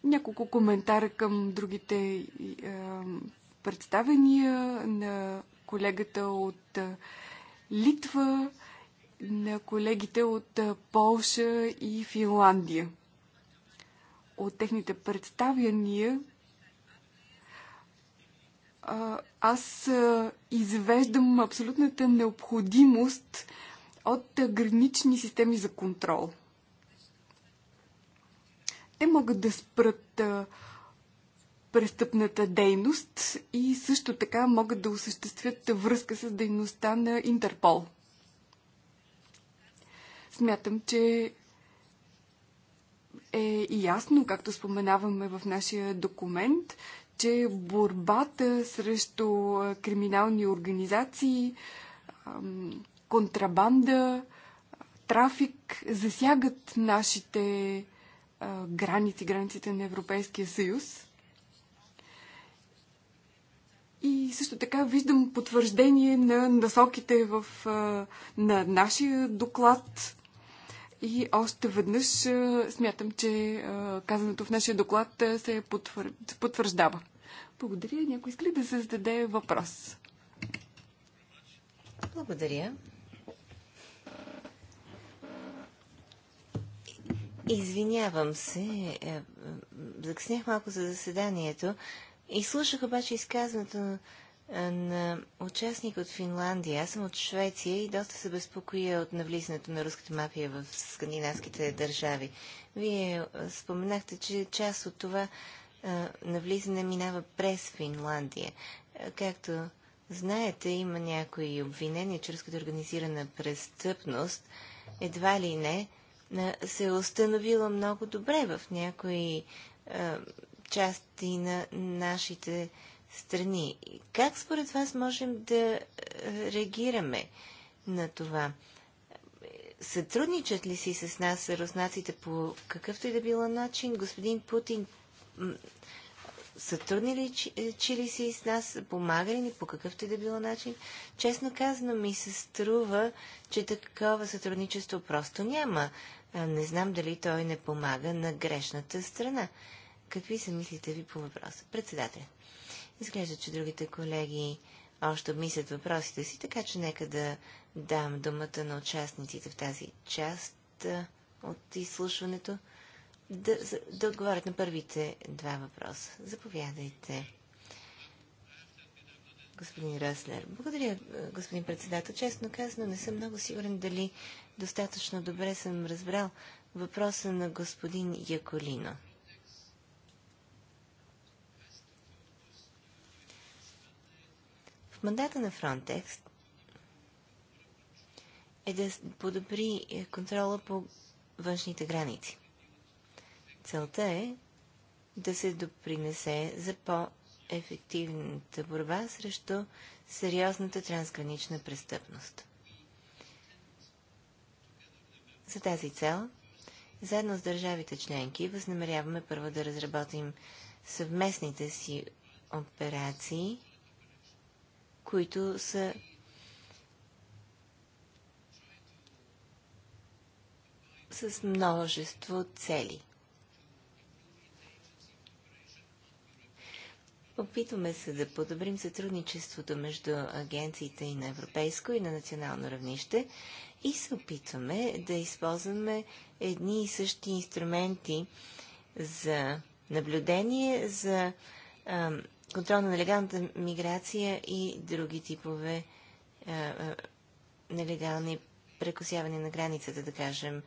Няколко коментара към другите представения на колегата от Литва, на колегите от Полша и Финландия. От техните представяния аз извеждам абсолютната необходимост от гранични системи за контрол. Те могат да спрат престъпната дейност и също така могат да осъществят връзка с дейността на Интерпол. Смятам, че е ясно, както споменаваме в нашия документ, че борбата срещу криминални организации, контрабанда, трафик засягат нашите граници, границите на Европейския съюз. И също така виждам потвърждение на насоките в, на нашия доклад и още веднъж смятам, че казаното в нашия доклад се потвърждава. Благодаря. Някой иска ли да се зададе въпрос? Благодаря. Извинявам се. Е, закъснях малко за заседанието. И слушах обаче изказването на на участник от Финландия. Аз съм от Швеция и доста се безпокоя от навлизането на руската мафия в скандинавските държави. Вие споменахте, че част от това навлизане минава през Финландия. Както знаете, има някои обвинения, чрез като организирана престъпност едва ли не се е установила много добре в някои части на нашите страни. Как според вас можем да е, реагираме на това? Сътрудничат ли си с нас руснаците по какъвто и да било начин? Господин Путин сътрудничи е, ли си с нас, помага ли ни по какъвто и да било начин. Честно казано ми се струва, че такова сътрудничество просто няма. Е, не знам дали той не помага на грешната страна. Какви са мислите ви по въпроса? Председател. Изглежда, че другите колеги още обмислят въпросите си, така че нека да дам думата на участниците в тази част от изслушването да, да отговарят на първите два въпроса. Заповядайте. Господин Ръслер, благодаря, господин председател. Честно казано, не съм много сигурен дали достатъчно добре съм разбрал въпроса на господин Яколино. мандата на Frontex е да подобри е, контрола по външните граници. Целта е да се допринесе за по-ефективната борба срещу сериозната трансгранична престъпност. За тази цел, заедно с държавите членки, възнамеряваме първо да разработим съвместните си операции – които са с множество цели. Опитваме се да подобрим сътрудничеството между агенциите и на европейско и на национално равнище и се опитваме да използваме едни и същи инструменти за наблюдение, за ам, контрол на нелегалната миграция и други типове а, е, а, е, нелегални прекосяване на границата, да кажем,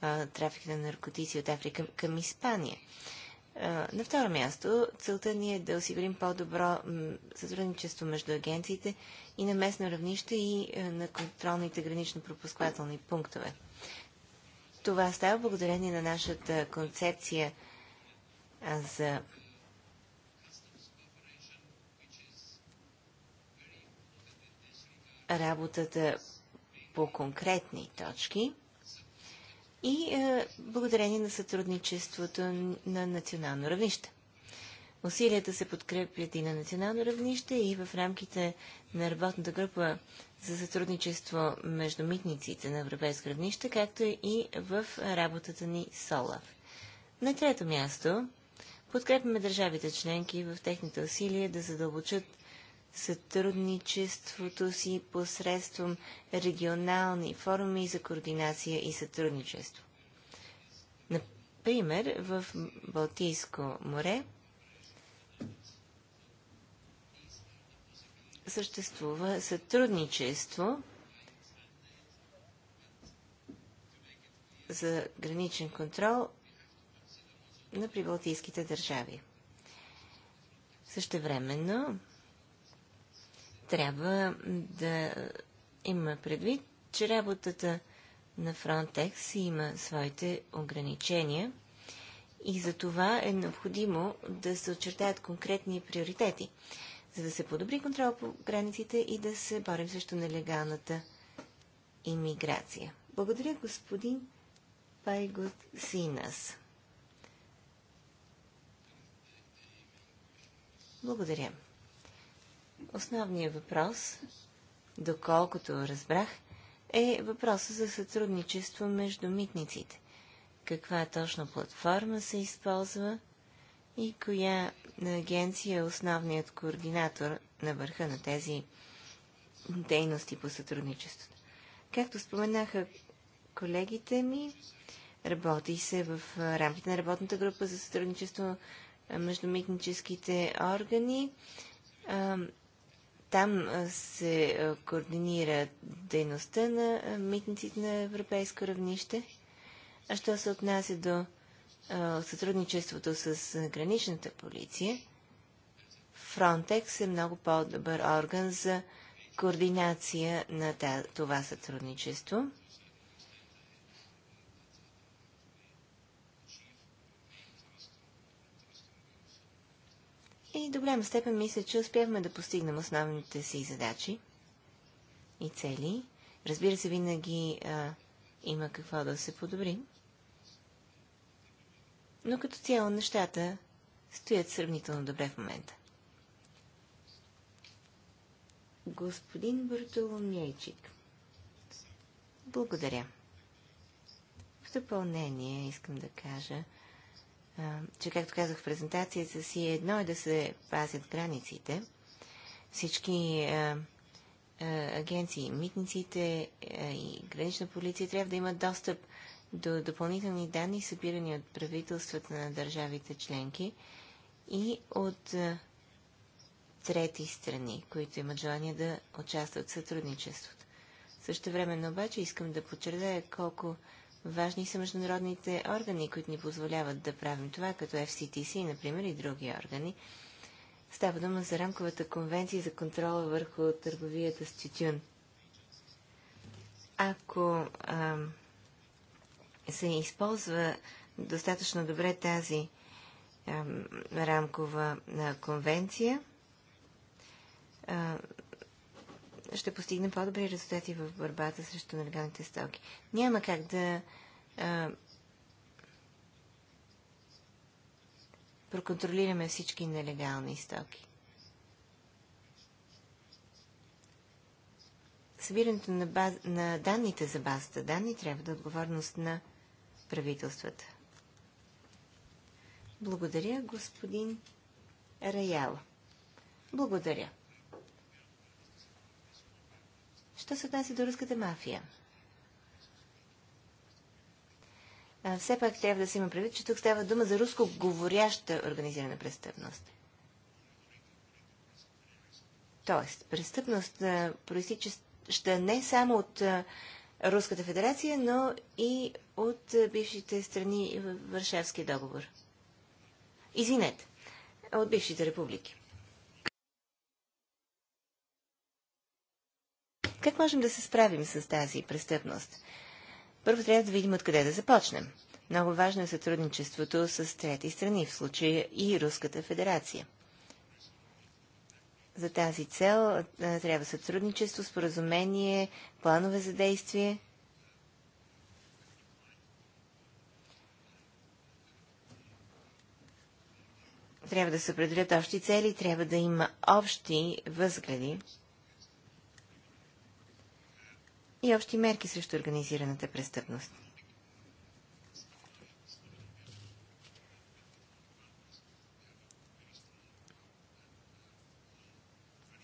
а, е, трафик на наркотици от Африка към Испания. На второ място, целта ни е да осигурим по-добро сътрудничество между агенциите и на местно равнище и на контролните гранично-пропусквателни пунктове. Това става благодарение на нашата концепция за работата по конкретни точки и е, благодарение на сътрудничеството на национално равнище. Усилията се подкрепят и на национално равнище, и в рамките на работната група за сътрудничество между митниците на европейско равнище, както и в работата ни с ОЛАФ. На трето място подкрепяме държавите членки в техните усилия да задълбочат сътрудничеството си посредством регионални форуми за координация и сътрудничество. Например, в Балтийско море съществува сътрудничество за граничен контрол на прибалтийските държави. Същевременно, трябва да има предвид, че работата на Frontex има своите ограничения и за това е необходимо да се очертаят конкретни приоритети, за да се подобри контрол по границите и да се борим срещу нелегалната иммиграция. Благодаря господин Пайгот Синас. Благодаря. Основният въпрос, доколкото разбрах, е въпроса за сътрудничество между митниците. Каква точно платформа се използва и коя агенция е основният координатор на върха на тези дейности по сътрудничеството. Както споменаха колегите ми, работи се в рамките на работната група за сътрудничество между митническите органи. Там се координира дейността на митниците на европейско равнище. А що се отнася до сътрудничеството с граничната полиция, Фронтекс е много по-добър орган за координация на това сътрудничество. и до голяма степен мисля, че успяхме да постигнем основните си задачи и цели. Разбира се, винаги а, има какво да се подобри. Но като цяло нещата стоят сравнително добре в момента. Господин Бартоломейчик. Благодаря. В допълнение искам да кажа, че, както казах в презентацията си, е едно е да се пазят границите. Всички а, а, агенции, митниците а, и гранична полиция трябва да имат достъп до допълнителни данни, събирани от правителствата на държавите членки и от трети страни, които имат желание да участват в сътрудничеството. Също времено обаче искам да подчертая колко Важни са международните органи, които ни позволяват да правим това, като FCTC, например, и други органи. Става дума за рамковата конвенция за контрола върху търговията с тютюн. Ако а, се използва достатъчно добре тази а, рамкова а, конвенция, а, ще постигне по-добри резултати в борбата срещу нелегалните стоки. Няма как да а, проконтролираме всички нелегални стоки. Събирането на, баз... на данните за базата данни трябва да е отговорност на правителствата. Благодаря, господин Раяла. Благодаря. Що се отнася до руската мафия? А, все пак трябва да се има предвид, че тук става дума за руско говоряща организирана престъпност. Тоест, престъпност проистичаща не само от Руската федерация, но и от бившите страни в Варшавския договор. Извинете, от бившите републики. Как можем да се справим с тази престъпност? Първо трябва да видим откъде да започнем. Много важно е сътрудничеството с трети страни, в случая и Руската федерация. За тази цел трябва сътрудничество, споразумение, планове за действие. Трябва да се определят общи цели, трябва да има общи възгледи и общи мерки срещу организираната престъпност.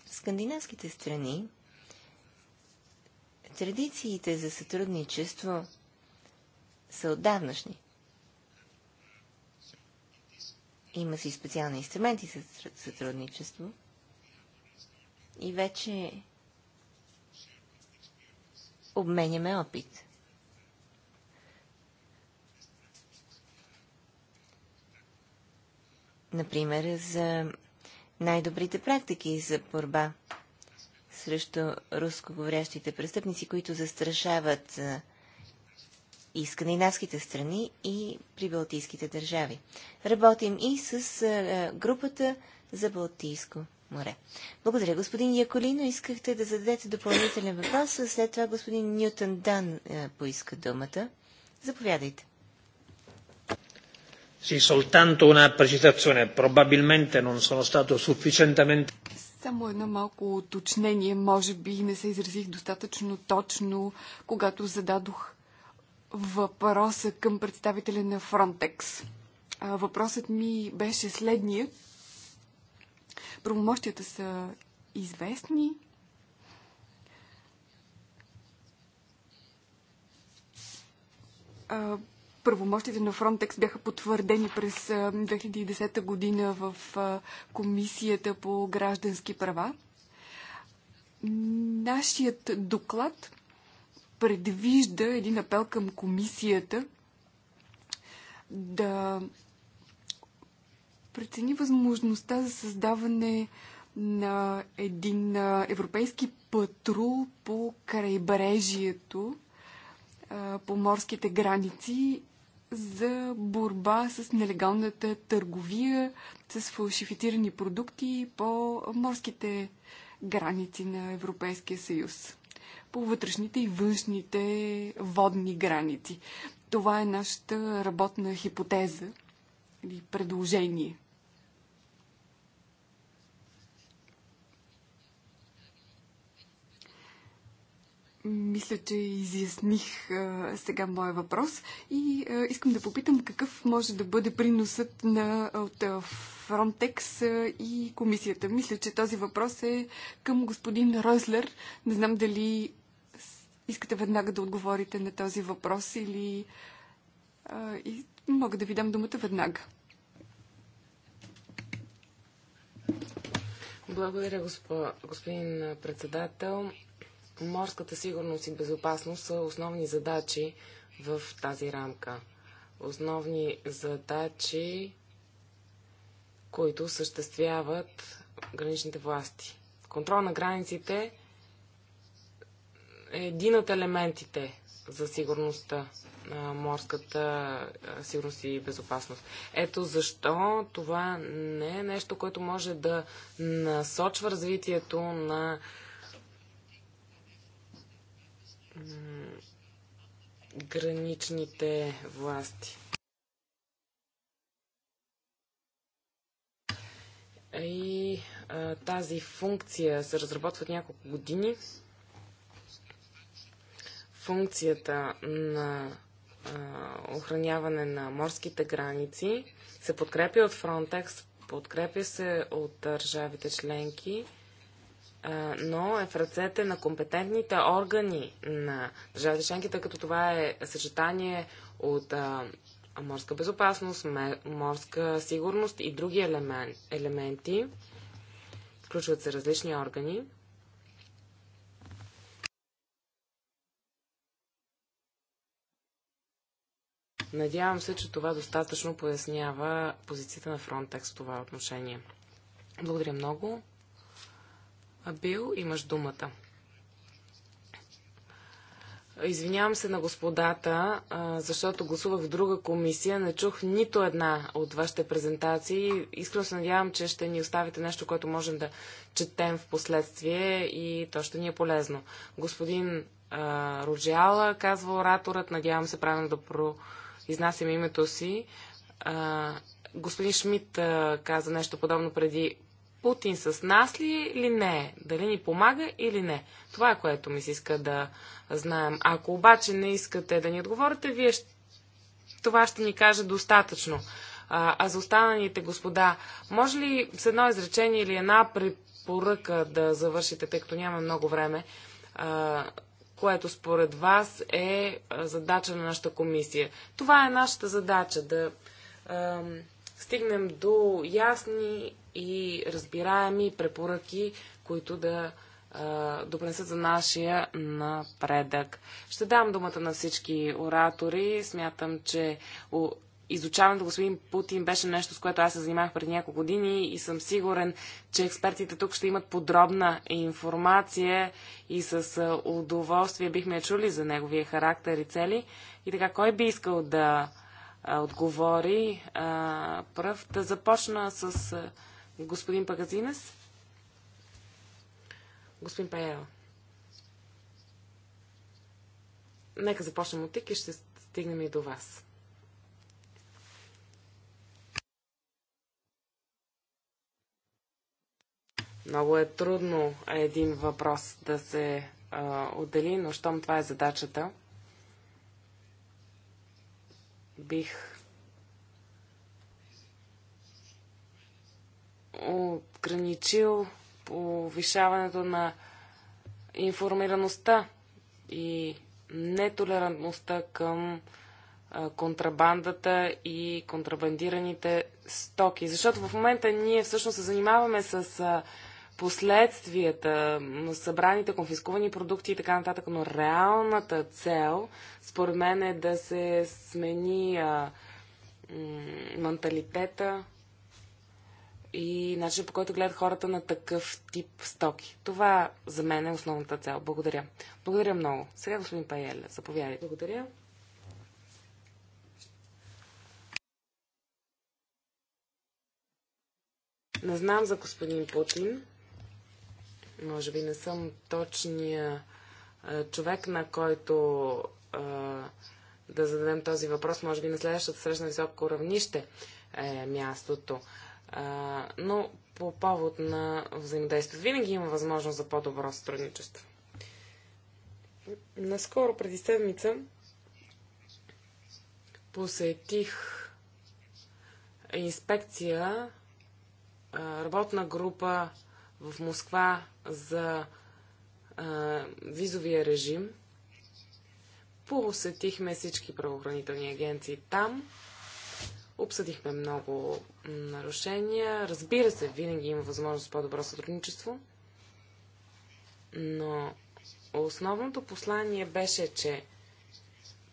В скандинавските страни традициите за сътрудничество са отдавнашни. Има си специални инструменти за сътрудничество. И вече обменяме опит. Например, за най-добрите практики за борба срещу рускоговорящите престъпници, които застрашават и скандинавските страни, и прибалтийските държави. Работим и с групата за Балтийско море. Благодаря, господин Яколино. Искахте да зададете допълнителен въпрос, а след това господин Нютон Дан е, поиска думата. Заповядайте. Си, солтанто una precisazione, Пробабилменте non sono stato sufficientemente... Само едно малко уточнение, може би не се изразих достатъчно точно, когато зададох въпроса към представителя на Фронтекс. Въпросът ми беше следният Правомощията са известни. Правомощите на Фронтекс бяха потвърдени през 2010 година в Комисията по граждански права. Нашият доклад предвижда един апел към комисията да прецени възможността за създаване на един европейски патрул по крайбрежието, по морските граници за борба с нелегалната търговия, с фалшифицирани продукти по морските граници на Европейския съюз. По вътрешните и външните водни граници. Това е нашата работна хипотеза или предложение. Мисля, че изясних а, сега моя въпрос и а, искам да попитам какъв може да бъде приносът на, от а, Frontex а, и комисията. Мисля, че този въпрос е към господин Ройслер. Не знам дали искате веднага да отговорите на този въпрос или а, и мога да ви дам думата веднага. Благодаря, господин председател. Морската сигурност и безопасност са основни задачи в тази рамка. Основни задачи, които съществяват граничните власти. Контрол на границите е един от елементите за сигурността морската сигурност и безопасност. Ето защо това не е нещо, което може да насочва развитието на граничните власти. И а, тази функция се разработва от няколко години. Функцията на охраняване на морските граници се подкрепи от Frontex, подкрепя се от държавите членки, но е в ръцете на компетентните органи на държавите членки, тъй като това е съчетание от морска безопасност, морска сигурност и други елементи. Включват се различни органи. Надявам се, че това достатъчно пояснява позицията на Frontex в това отношение. Благодаря много. Бил, имаш думата. Извинявам се на господата, защото гласувах в друга комисия. Не чух нито една от вашите презентации. Искрено се надявам, че ще ни оставите нещо, което можем да четем в последствие и то ще ни е полезно. Господин Роджиала, казва ораторът, надявам се правилно да про изнасям името си. А, господин Шмидт а, каза нещо подобно преди. Путин с нас ли или не? Дали ни помага или не? Това е което ми се иска да знаем. Ако обаче не искате да ни отговорите, вие това ще ни каже достатъчно. А, а за останалите господа, може ли с едно изречение или една препоръка да завършите, тъй като няма много време? А, което според вас е, е задача на нашата комисия. Това е нашата задача да стигнем до ясни и разбираеми препоръки, които да а, допринесат за нашия напредък. Ще дам думата на всички оратори. Смятам, че изучаването господин Путин беше нещо, с което аз се занимавах преди няколко години и съм сигурен, че експертите тук ще имат подробна информация и с удоволствие бихме чули за неговия характер и цели. И така, кой би искал да отговори пръв? Да започна с господин Пагазинес. Господин Паева. Нека започнем от тик и ще стигнем и до вас. Много е трудно един въпрос да се а, отдели, но щом това е задачата, бих ограничил повишаването на информираността и нетолерантността към контрабандата и контрабандираните стоки. Защото в момента ние всъщност се занимаваме с последствията, събраните конфискувани продукти и така нататък, но реалната цел, според мен, е да се смени а, менталитета и начинът по който гледат хората на такъв тип стоки. Това за мен е основната цел. Благодаря. Благодаря много. Сега господин Паеля, заповядайте. Благодаря. Не знам за господин Путин. Може би не съм точния човек, на който да зададем този въпрос. Може би на следващата среща на високо равнище е мястото. но по повод на взаимодействието винаги има възможност за по-добро сътрудничество. Наскоро, преди седмица, посетих инспекция, работна група в Москва за а, визовия режим. Посетихме всички правоохранителни агенции там. Обсъдихме много нарушения. Разбира се, винаги има възможност за по-добро сътрудничество. Но основното послание беше, че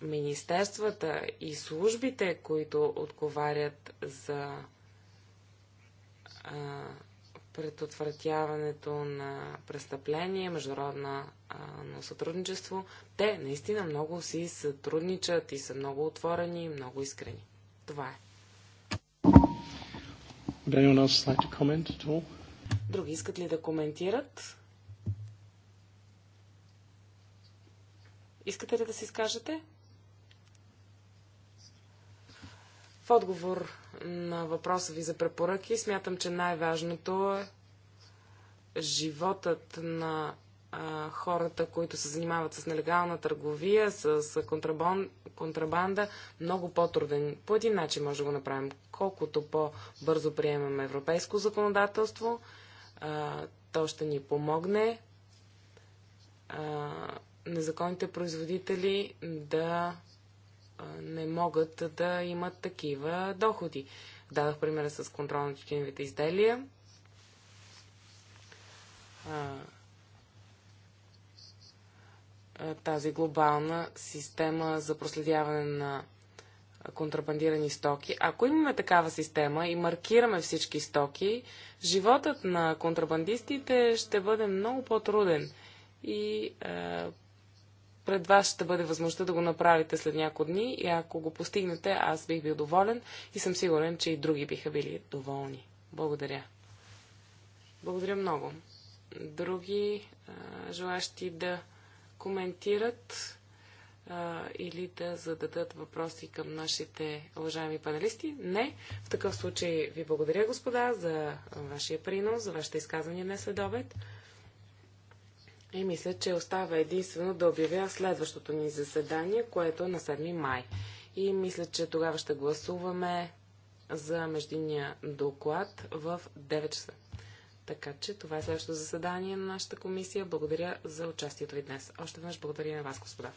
министерствата и службите, които отговарят за а, предотвратяването на престъпление, международно сътрудничество. Те наистина много си сътрудничат и са много отворени и много искрени. Това е. Други искат ли да коментират? Искате ли да се изкажете? В отговор на въпроса ви за препоръки, смятам, че най-важното е животът на а, хората, които се занимават с нелегална търговия, с, контрабон, контрабанда, много по-труден. По един начин може да го направим. Колкото по-бързо приемем европейско законодателство, а, то ще ни помогне а, незаконните производители да не могат да имат такива доходи. Дадах примера с контролно на изделия. Тази глобална система за проследяване на контрабандирани стоки. Ако имаме такава система и маркираме всички стоки, животът на контрабандистите ще бъде много по-труден. И е, пред вас ще бъде възможността да го направите след няколко дни и ако го постигнете, аз бих бил доволен и съм сигурен, че и други биха били доволни. Благодаря. Благодаря много. Други а, желащи да коментират а, или да зададат въпроси към нашите уважаеми панелисти? Не. В такъв случай ви благодаря, господа, за вашия принос, за вашите изказвания днес след обед. И мисля, че остава единствено да обявя следващото ни заседание, което е на 7 май. И мисля, че тогава ще гласуваме за междинния доклад в 9 часа. Така че това е следващото заседание на нашата комисия. Благодаря за участието ви днес. Още веднъж благодаря на вас, господа.